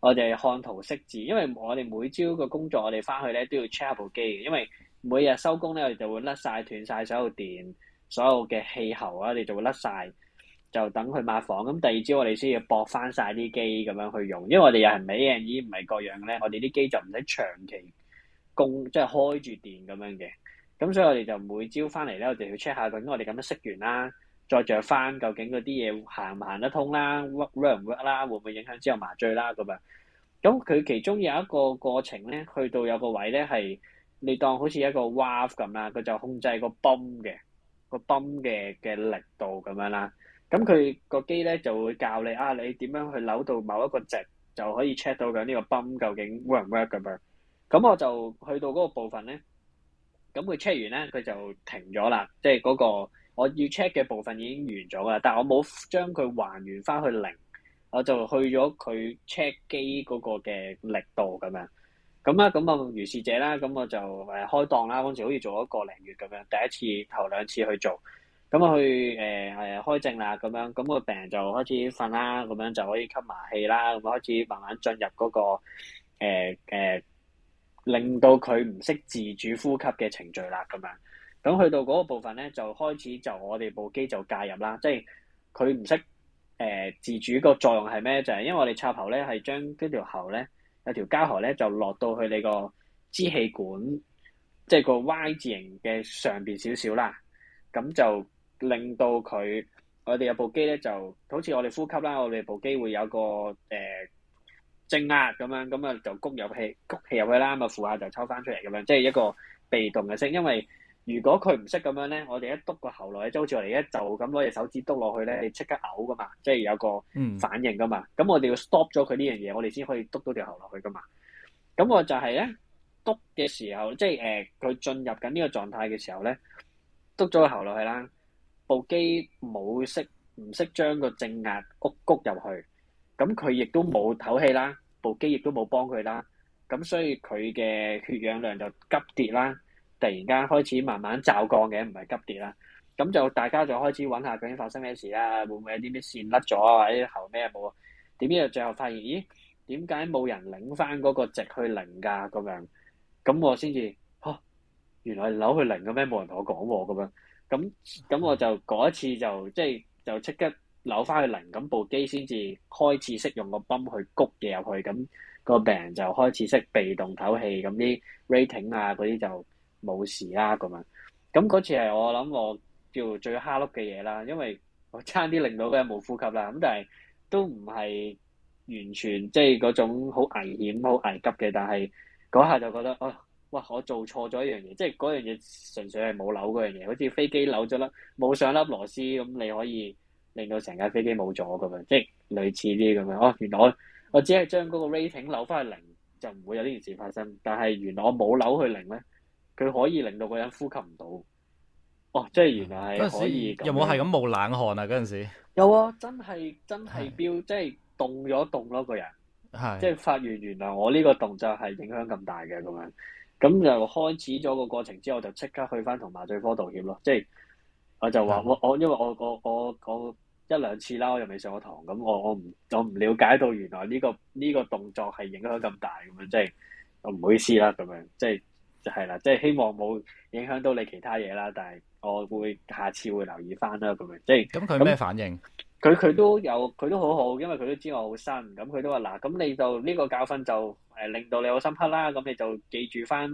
我哋看圖識字，因為我哋每朝個工作，我哋翻去咧都要 charge 部機嘅。因為每日收工咧，我哋就會甩晒斷晒所有電，所有嘅氣喉啊，我哋就會甩晒，就等佢抹房。咁第二朝我哋先要駁翻晒啲機咁樣去用，因為我哋又唔係 A N E，唔係各樣咧，我哋啲機就唔使長期。供即係開住電咁樣嘅，咁所以我哋就每朝翻嚟咧，我哋要 check 下究竟我哋咁樣熄完啦，再著翻究竟嗰啲嘢行唔行得通啦，work 唔 work 啦，會唔會影響之後麻醉啦咁樣？咁佢其中有一個過程咧，去到有個位咧係，你當好似一個 wave 咁啦，佢就控制個泵嘅，個泵嘅嘅力度咁樣啦。咁佢個機咧就會教你啊，你點樣去扭到某一個值就可以 check 到佢呢個泵究竟 work 唔 work 咁樣？咁我就去到嗰個部分咧，咁佢 check 完咧，佢就停咗啦，即係嗰個我要 check 嘅部分已經完咗噶啦，但我冇將佢還原翻去零，我就去咗佢 check 機嗰個嘅力度咁樣。咁啊，咁啊如是者啦，咁我就誒開檔啦，嗰陣時好似做咗個零月咁樣，第一次頭兩次去做，咁我去誒誒、呃、開症啦，咁樣，咁、嗰個病人就開始瞓啦，咁樣就可以吸埋氣啦，咁開始慢慢進入嗰、嗰個誒、呃呃令到佢唔識自主呼吸嘅程序啦，咁樣，咁去到嗰個部分咧，就開始就我哋部機就介入啦，即係佢唔識誒自主個作用係咩？就係、是、因為我哋插喉咧，係將嗰條喉咧有條膠喉咧，就落到去你個支氣管，即係個 Y 字形嘅上邊少少啦，咁就令到佢，我哋有部機咧，就好似我哋呼吸啦，我哋部機會有個誒。呃正壓咁樣，咁啊就谷入去，谷氣入去啦，咁啊負壓就抽翻出嚟，咁樣即係一個被動嘅聲。因為如果佢唔識咁樣咧，我哋一篤個喉落去，即好似我哋一就咁攞隻手指篤落去咧，你即刻嘔噶嘛，即係有個反應噶嘛。咁、嗯、我哋要 stop 咗佢呢樣嘢，我哋先可以篤到條喉落去噶嘛。咁我就係咧篤嘅時候，即係誒佢進入緊呢個狀態嘅時候咧，篤咗個喉落去啦，部機冇識唔識將個正壓谷谷入去，咁佢亦都冇唞氣啦。部機業都冇幫佢啦，咁所以佢嘅血氧量就急跌啦，突然間開始慢慢驟降嘅，唔係急跌啦。咁就大家就開始揾下究竟發生咩事啦、啊，會唔會有啲咩線甩咗或者後尾有冇？點知最後發現，咦？點解冇人擰返嗰個值去零㗎、啊？咁樣咁我先至嚇，原來扭去零嘅咩？冇人同我講喎咁樣。咁咁我就嗰一次就即係就即刻。扭翻去零，咁部機先至開始識用個泵去谷嘢入去，咁、個病人就開始識被動唞氣，咁啲 rating 啊嗰啲就冇事啦咁樣。咁嗰次係我諗我叫最蝦碌嘅嘢啦，因為我差啲令到佢冇呼吸啦。咁但係都唔係完全即係嗰種好危險、好危急嘅。但係嗰下就覺得，哦，哇！我做錯咗一樣嘢，即係嗰樣嘢純粹係冇扭嗰樣嘢，好似飛機扭咗粒冇上粒螺絲咁，你可以。令到成架飛機冇咗咁樣，即係類似啲咁樣。哦，原來我，我只係將嗰個 rating 扭翻去零，就唔會有呢件事發生。但係原來我冇扭去零咧，佢可以令到個人呼吸唔到。哦，即係原來係可以。有冇係咁冒冷汗啊？嗰陣時有啊、哦，真係真係飆，是即係凍咗凍咯個人。係是。即係發現原來我呢個動作係影響咁大嘅咁樣，咁就開始咗個過程之後，就即刻去翻同麻醉科道歉咯。即係。我就話我我因為我我我我一兩次啦，我又未上過堂咁，我我唔我唔瞭解到原來呢個呢個動作係影響咁大咁樣，即係我唔好意思啦咁樣，即係就係啦，即係希望冇影響到你其他嘢啦，但係我會下次會留意翻啦，咁樣即係。咁佢咩反應？佢佢都有，佢都好好，因為佢都知我好新，咁佢都話嗱，咁你就呢個教訓就誒令到你好深刻啦，咁你就記住翻，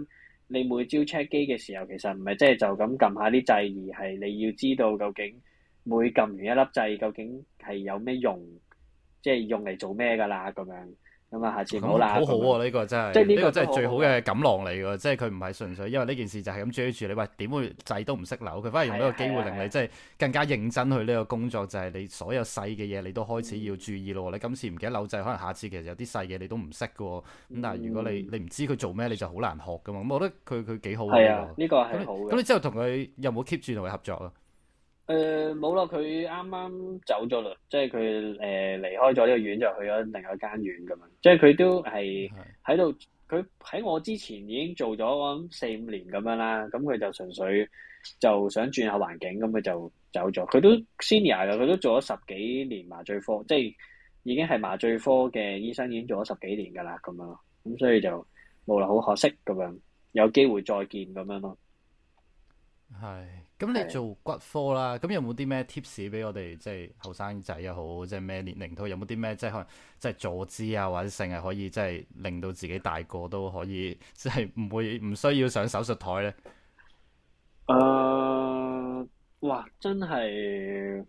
你每朝 check 機嘅時候，其實唔係即係就咁撳下啲掣，而係你要知道究竟每撳完一粒掣，究竟係有咩用，即係用嚟做咩㗎啦咁樣。下次有有好好喎呢個真係，呢個，個真係最好嘅錦囊嚟噶，即係佢唔係純粹因為呢件事就係咁追住你，喂點會掣都唔識扭？佢反而用呢個機會令你即係是的 更加認真去呢個工作，就係、是、你所有細嘅嘢你都開始要注意咯。嗯、你今次唔記得扭掣，可能下次其實有啲細嘢你都唔識噶。咁但係如果你、嗯、你唔知佢做咩，你就好難學噶嘛。我覺得佢佢幾好嘅。呢、這個係好。咁你，的你，你之後同佢有冇 keep 住同佢合作啊？誒，冇啦，呃，佢啱啱走咗啦，即係佢，誒、離開咗呢個院就去咗另外一間院咁樣，即係佢都係喺度，佢喺的我之前已經做咗我諗四五年咁樣啦，咁、嗯、佢就純粹就想轉下環境，咁、嗯、佢就走咗。佢都 senior 嘅，佢都做咗十幾年麻醉科，即係已經係麻醉科嘅醫生，已經做咗十幾年噶啦，咁樣咁、嗯、所以就冇啦，好可惜咁樣，有機會再見咁樣咯，係。咁你做骨科啦，咁有冇啲咩 tips 俾我哋，即係後生仔又好，即係咩年齡都，有冇啲咩即係可能即係坐姿啊，或者成日可以即係令到自己大個都可以，即係唔會唔需要上手術台咧？誒，uh, 哇，真係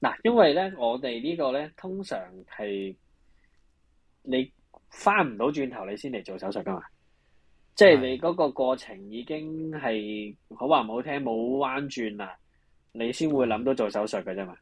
嗱，因為咧，我哋呢個咧，通常係你翻唔到轉頭，你先嚟做手術噶嘛。即係你嗰個過程已經係好話唔好聽冇彎轉啦，你先會諗到做手術嘅啫嘛。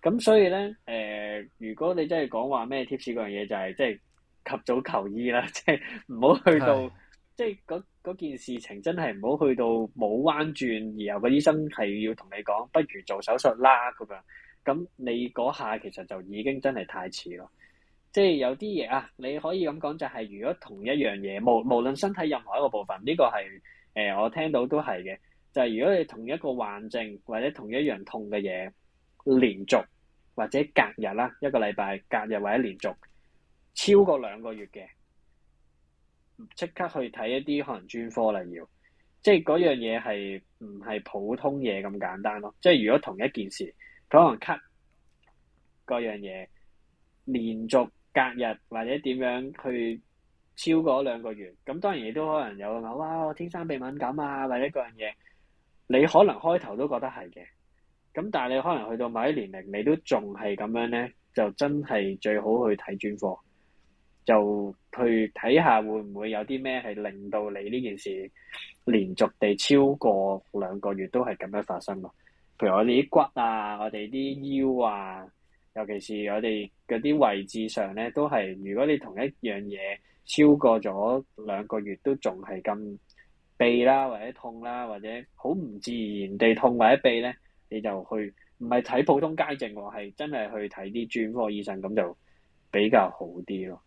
咁所以咧，誒、呃，如果你真係講話咩 t 士 p 嗰樣嘢，就係、是、即係及早求醫啦，即係唔好去到是即係嗰件事情真係唔好去到冇彎轉，然後個醫生係要同你講不如做手術啦咁樣，咁你嗰下其實就已經真係太遲咯。即係有啲嘢啊，你可以咁講，就係、是、如果同一樣嘢，無無論身體任何一個部分，呢、這個係誒、呃、我聽到都係嘅。就係、是、如果你同一個患症或者同一樣痛嘅嘢，連續或者隔日啦，一個禮拜隔日或者連續超過兩個月嘅，即刻去睇一啲可能專科啦，要即係嗰樣嘢係唔係普通嘢咁簡單咯？即係如果同一件事佢可能咳嗰樣嘢連續。隔日或者點樣去超過兩個月，咁當然亦都可能有啊！哇，我天生鼻敏感啊，或者各樣嘢，你可能開頭都覺得係嘅，咁但係你可能去到某啲年齡，你都仲係咁樣咧，就真係最好去睇專科，就去睇下會唔會有啲咩係令到你呢件事連續地超過兩個月都係咁樣發生咯。譬如我哋啲骨啊，我哋啲腰啊。尤其是我哋嗰啲位置上咧，都係如果你同一樣嘢超過咗兩個月都仲係咁痹啦，或者痛啦，或者好唔自然地痛或者痹咧，你就去唔係睇普通街症，係真係去睇啲專科醫生，咁就比較好啲咯。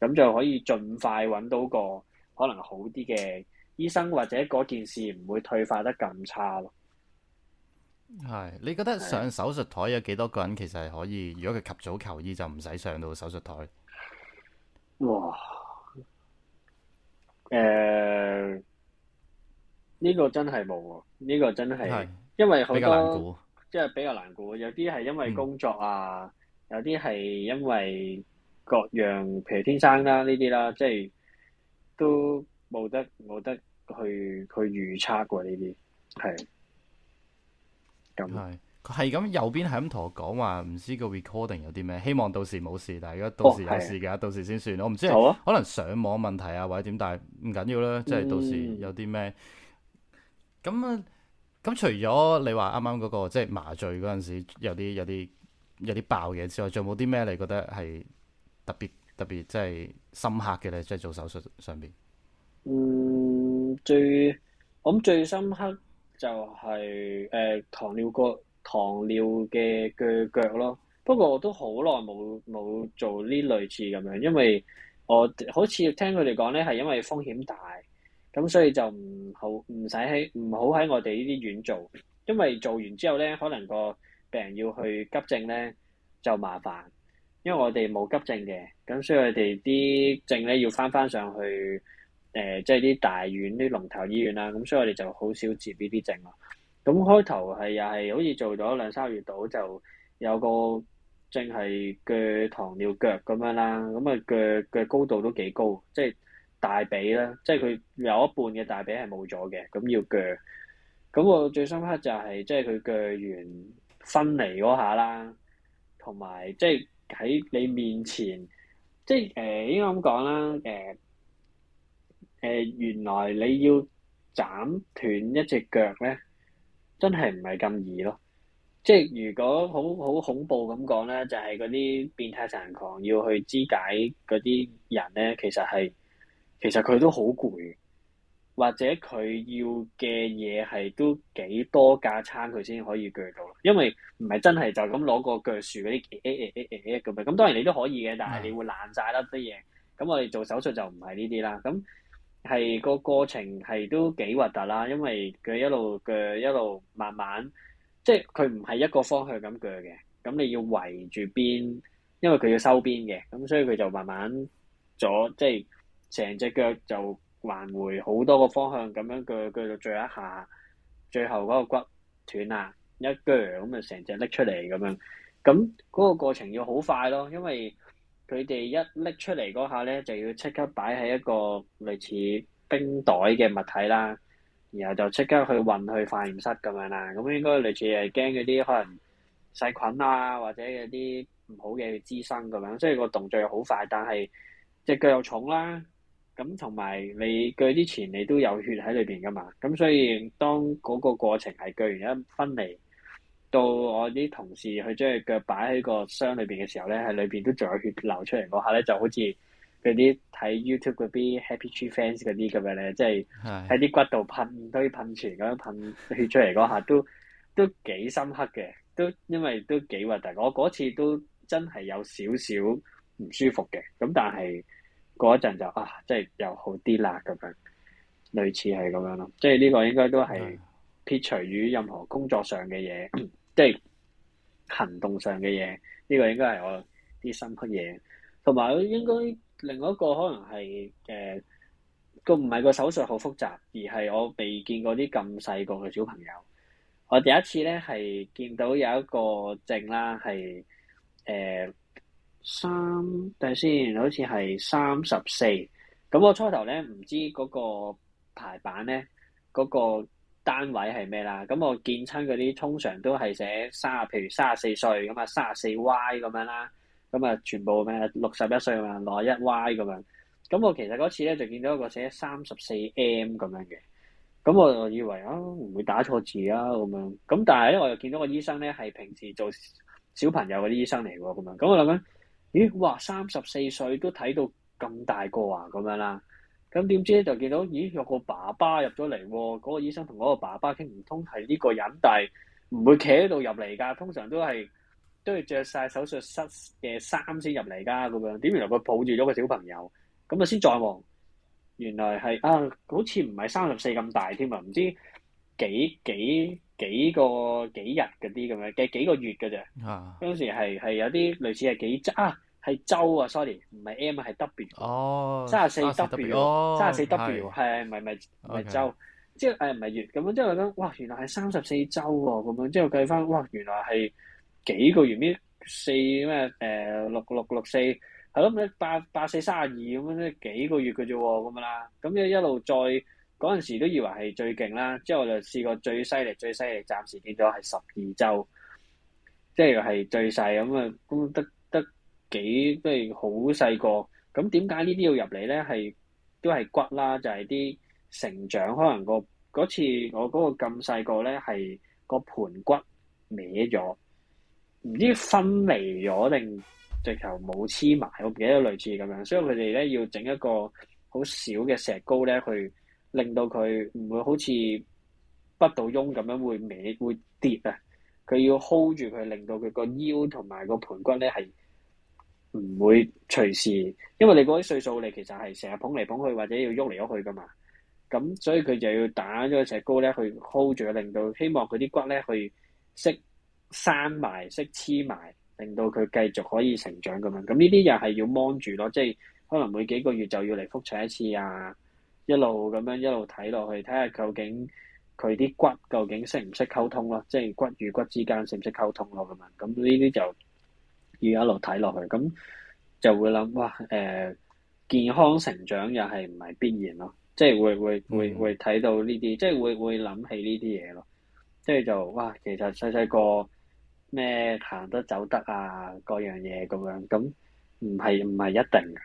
咁就可以盡快揾到個可能好啲嘅醫生，或者嗰件事唔會退化得咁差咯。係你覺得上手術台有幾多個人其實係可以？如果佢及早求醫就唔使上到手術台。哇！誒、呃，呢、這個真係冇喎，呢、這個真係，是因為好多，比較難估，即係比較難估，有啲係因為工作啊，嗯、有啲係因為各樣，譬如天生啦呢啲啦，即係、啊就是、都冇得冇得去去預測噶呢啲係。係佢係咁右邊係咁同我講話，唔知個 recording 有啲咩，希望到時冇事。但係如果到時有事嘅，哦、到時先算。哦、我唔知、哦、可能上網問題啊，或者點，但係唔緊要啦。即係到時有啲咩咁啊？咁、嗯、除咗你話啱啱嗰個即係麻醉嗰陣時有啲有啲有啲爆嘢之外，仲有冇啲咩你覺得係特別特別即係深刻嘅咧？即係做手術上邊？嗯，最我諗最深刻。就係誒糖尿個糖尿嘅鋸腳咯，不過我都好耐冇冇做呢類似咁樣，因為我好似聽佢哋講咧，係因為風險大，咁所以就唔好唔使喺唔好喺我哋呢啲院做，因為做完之後咧，可能個病人要去急症咧就麻煩，因為我哋冇急症嘅，咁所以佢哋啲症咧要翻翻上去，誒、呃，即係啲大院、啲龍頭醫院啦，咁所以我哋就好少接呢啲症咯。咁開頭係又係好似做咗兩三月度，就有個症係鋸糖尿腳咁樣啦。咁啊鋸鋸高度都幾高，即係大髀啦。即係佢有一半嘅大髀係冇咗嘅，咁要鋸。咁我最深刻就係、是、即係佢鋸完分離嗰下啦，同埋即係喺你面前，即係誒、呃、應該咁講啦，誒、呃。誒、呃、原來你要斬斷一隻腳咧，真係唔係咁易咯？即係如果好好恐怖咁講咧，就係嗰啲變態殘狂要去肢解嗰啲人咧，其實係其實佢都好攰，或者佢要嘅嘢係都幾多架撐佢先可以鋸到，因為唔係真係就咁攞個鋸樹嗰啲誒誒誒誒誒咁樣。哎哎哎哎哎當然你都可以嘅，嗯、但係你會爛晒粒啲嘢。咁我哋做手術就唔係呢啲啦。咁係、嗰個過程係都幾核突啦，因為佢一路鋸一路慢慢，即係佢唔係一個方向咁鋸嘅，咁你要圍住邊，因為佢要收邊嘅，咁所以佢就慢慢咗，即係成隻腳就環回好多個方向咁樣鋸，鋸到最後一下，最後嗰個骨斷啦，一鋸咁就成隻拎出嚟咁樣，咁嗰個過程要好快咯，因為。佢哋一拎出嚟嗰下咧，就要即刻擺喺一個類似冰袋嘅物體啦，然後就即刻去運去化驗室咁樣啦。咁應該類似係驚嗰啲可能細菌啊，或者嗰啲唔好嘅滋生咁樣。即係個動作又好快，但係隻腳又重啦。咁同埋你鋸之前，你都有血喺裏邊噶嘛。咁所以當嗰個過程係鋸完一分離。到我啲同事佢將佢腳擺喺個箱裏邊嘅時候咧，喺裏邊都仲有血流出嚟嗰下咧，就好似嗰啲睇 YouTube 嗰啲 Happy Tree Friends 嗰啲咁樣咧，即係喺啲骨度噴堆噴泉咁樣噴血出嚟嗰下，都都幾深刻嘅，都因為都幾核突。我嗰次都真係有少少唔舒服嘅，咁但係過一陣就啊，即係又好啲啦咁樣，類似係咁樣咯。即係呢個應該都係撇除於任何工作上嘅嘢。即係行動上嘅嘢，呢、這個應該係我啲心虛嘢。同埋應該另外一個可能係誒個唔係個手術好複雜，而係我未見過啲咁細個嘅小朋友。我第一次咧係見到有一個症啦，係誒三，呃、3，等先好似係三十四。咁我初頭咧唔知嗰個排版咧嗰、那個。單位係咩啦？咁我見親嗰啲通常都係寫卅，譬如卅四歲咁啊，卅四 Y 咁樣啦。咁啊，全部咩六十一歲啊，六十一 Y 咁樣。咁我其實嗰次咧就見到一個寫三十四 M 咁樣嘅。咁我就以為、哦、啊，唔會打錯字啊咁樣。咁但係咧，我又見到個醫生咧係平時做小朋友嗰啲醫生嚟喎，咁樣。咁我諗緊，咦？哇！三十四歲都睇到咁大個啊，咁樣啦。咁點知就見到，咦？有個爸爸入咗嚟，嗰個醫生同嗰個爸爸傾唔通，係呢個人。但係唔會企喺度入嚟噶，通常都係都係着晒手術室嘅衫先入嚟噶。咁樣點？原來佢抱住咗個小朋友，咁啊先再望，原來係啊，好似唔係三十四咁大添啊，唔知幾幾幾個、幾、個幾日嗰啲咁樣，幾幾個月嘅啫。嗰陣、啊、時係係有啲類似係幾齣、啊係周，啊，sorry，唔係 M 啊，係 W，三十四 W，三十四 W，係、oh，唔係係周，即係誒唔係月，咁樣之後我覺得：「哇，原來係三十四周喎，咁樣之後計翻，哇，原來係幾個月邊四咩誒六六六四，係、呃、咯，八八四三十二咁樣咧幾個月嘅啫，咁樣啦，咁樣一路再嗰陣時都以為係最勁啦，之後我就試過最犀利最犀利，暫時見咗係十二周，即係係最細咁啊，都得。幾即係好細個咁，點解呢啲要入嚟咧？係都係骨啦，就係、是、啲成長可能、個，嗰次我嗰個咁細個咧，係個盤骨歪咗，唔知分離咗定直頭冇黐埋。我記得類似咁樣，所以佢哋咧要整一個好小嘅石膏咧，去令到佢唔會好似不倒翁咁樣會歪會跌啊。佢要 hold 住佢，令到佢個腰同埋個盤骨咧係。唔會隨時，因為你嗰啲歲數，你其實係成日捧嚟捧去，或者要喐嚟喐去㗎嘛。咁所以佢就要打咗個石膏咧，去 hold 住，令到希望佢啲骨咧去識生埋、識黐埋，令到佢繼續可以成長咁樣。咁呢啲又係要芒住咯，即係可能每幾個月就要嚟覆診一次啊，一路咁樣一路睇落去，睇下究竟佢啲骨究竟識唔識溝通咯，即係骨與骨之間識唔識溝通咯咁啊。咁呢啲就要一路睇落去，咁就會諗哇，誒、呃、健康成長又係唔係必然咯？即係會會會會睇到呢啲，即係會會諗起呢啲嘢咯。即係就哇，其實細細個咩行得走得啊，各樣嘢咁樣，咁唔係唔係一定嘅。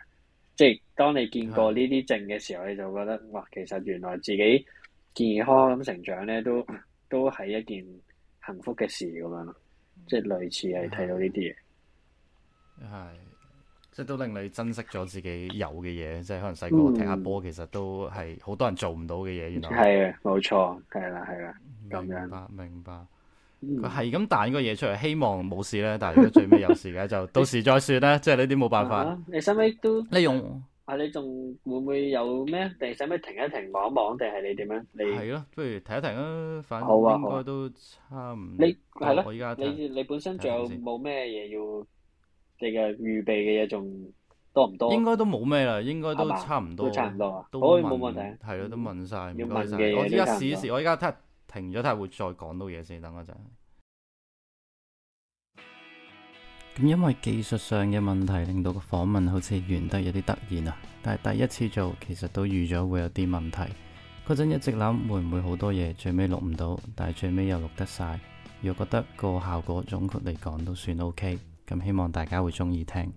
即係當你見過呢啲症嘅時候，的你就覺得哇，其實原來自己健康咁成長咧，都都係一件幸福嘅事咁樣咯。即係類似係睇到呢啲嘢。係，即係都令你珍惜咗自己有嘅嘢，即係可能細個踢下波，其實都係好多人做唔到嘅嘢。原來係啊，冇錯，係啦，係啦，咁樣。明白，明白。佢係咁彈個嘢出嚟，希望冇事咧。但係如果最尾有事嘅，就到時再算啦。即係呢啲冇辦法。你使唔使都？你用啊？你仲會唔會有咩？定使唔使停一停望一望？定係你點樣？你係咯，不如停一停啊。反正應該都差唔多你係咯。我依家你你本身仲有冇咩嘢要？你嘅預備嘅嘢仲多唔多？應該都冇咩啦，應該都差唔多。都差唔多啊！都冇問，問題。係咯，都問曬。要問嘅嘢，我試一試，我而家睇停咗，睇下會再講到嘢先。等我一陣。咁因為技術上嘅問題，令到個訪問好似完得有啲突然啊。但係第一次做，其實都預咗會有啲問題。嗰陣一直諗會唔會好多嘢最尾錄唔到，但係最尾又錄得曬，又覺得個效果總括嚟講都算 O K。咁希望大家會中意聽，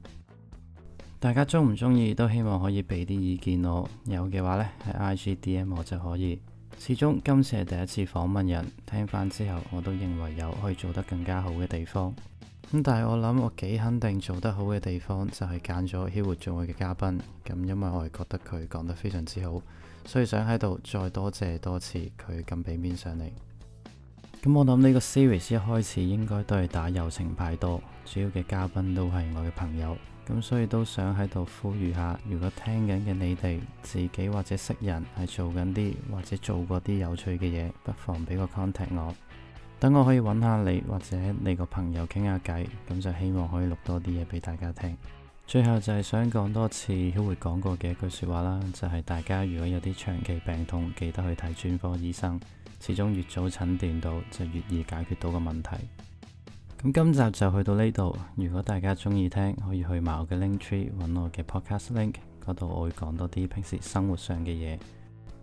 大家中唔中意都希望可以俾啲意見我。有嘅話呢，喺 IGDM 我就可以。始終今次係第一次訪問人，聽返之後，我都認為有可以做得更加好嘅地方。咁、嗯、但係我諗我幾肯定做得好嘅地方就係揀咗 Hillwood 做我嘅嘉賓，咁因為我係覺得佢講得非常之好，所以想喺度再多謝多次佢咁俾面上嚟。咁我諗呢個 series 一開始應該都係打友情牌多，主要嘅嘉賓都係我嘅朋友，咁所以都想喺度呼籲下，如果聽緊嘅你哋自己或者識人係做緊啲或者做過啲有趣嘅嘢，不妨俾個 contact 我，等我可以揾下你或者你個朋友傾下偈，咁就希望可以錄多啲嘢俾大家聽。最後就係想講多次都會講過嘅一句說話啦，就係、是、大家如果有啲長期病痛，記得去睇專科醫生。始終越早診斷到，就越易解決到個問題。咁今集就去到呢度，如果大家中意聽，可以去我嘅 link tree 揾我嘅 podcast link 嗰度，我會講多啲平時生活上嘅嘢，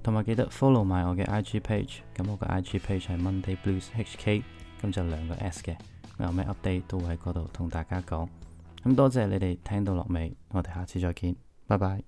同埋記得 follow 埋我嘅 IG page。咁我個 IG page 係 Monday Blows HK，咁就兩個 S 嘅。我有咩 update 都會喺嗰度同大家講。咁多謝你哋聽到落尾，我哋下次再見，拜拜。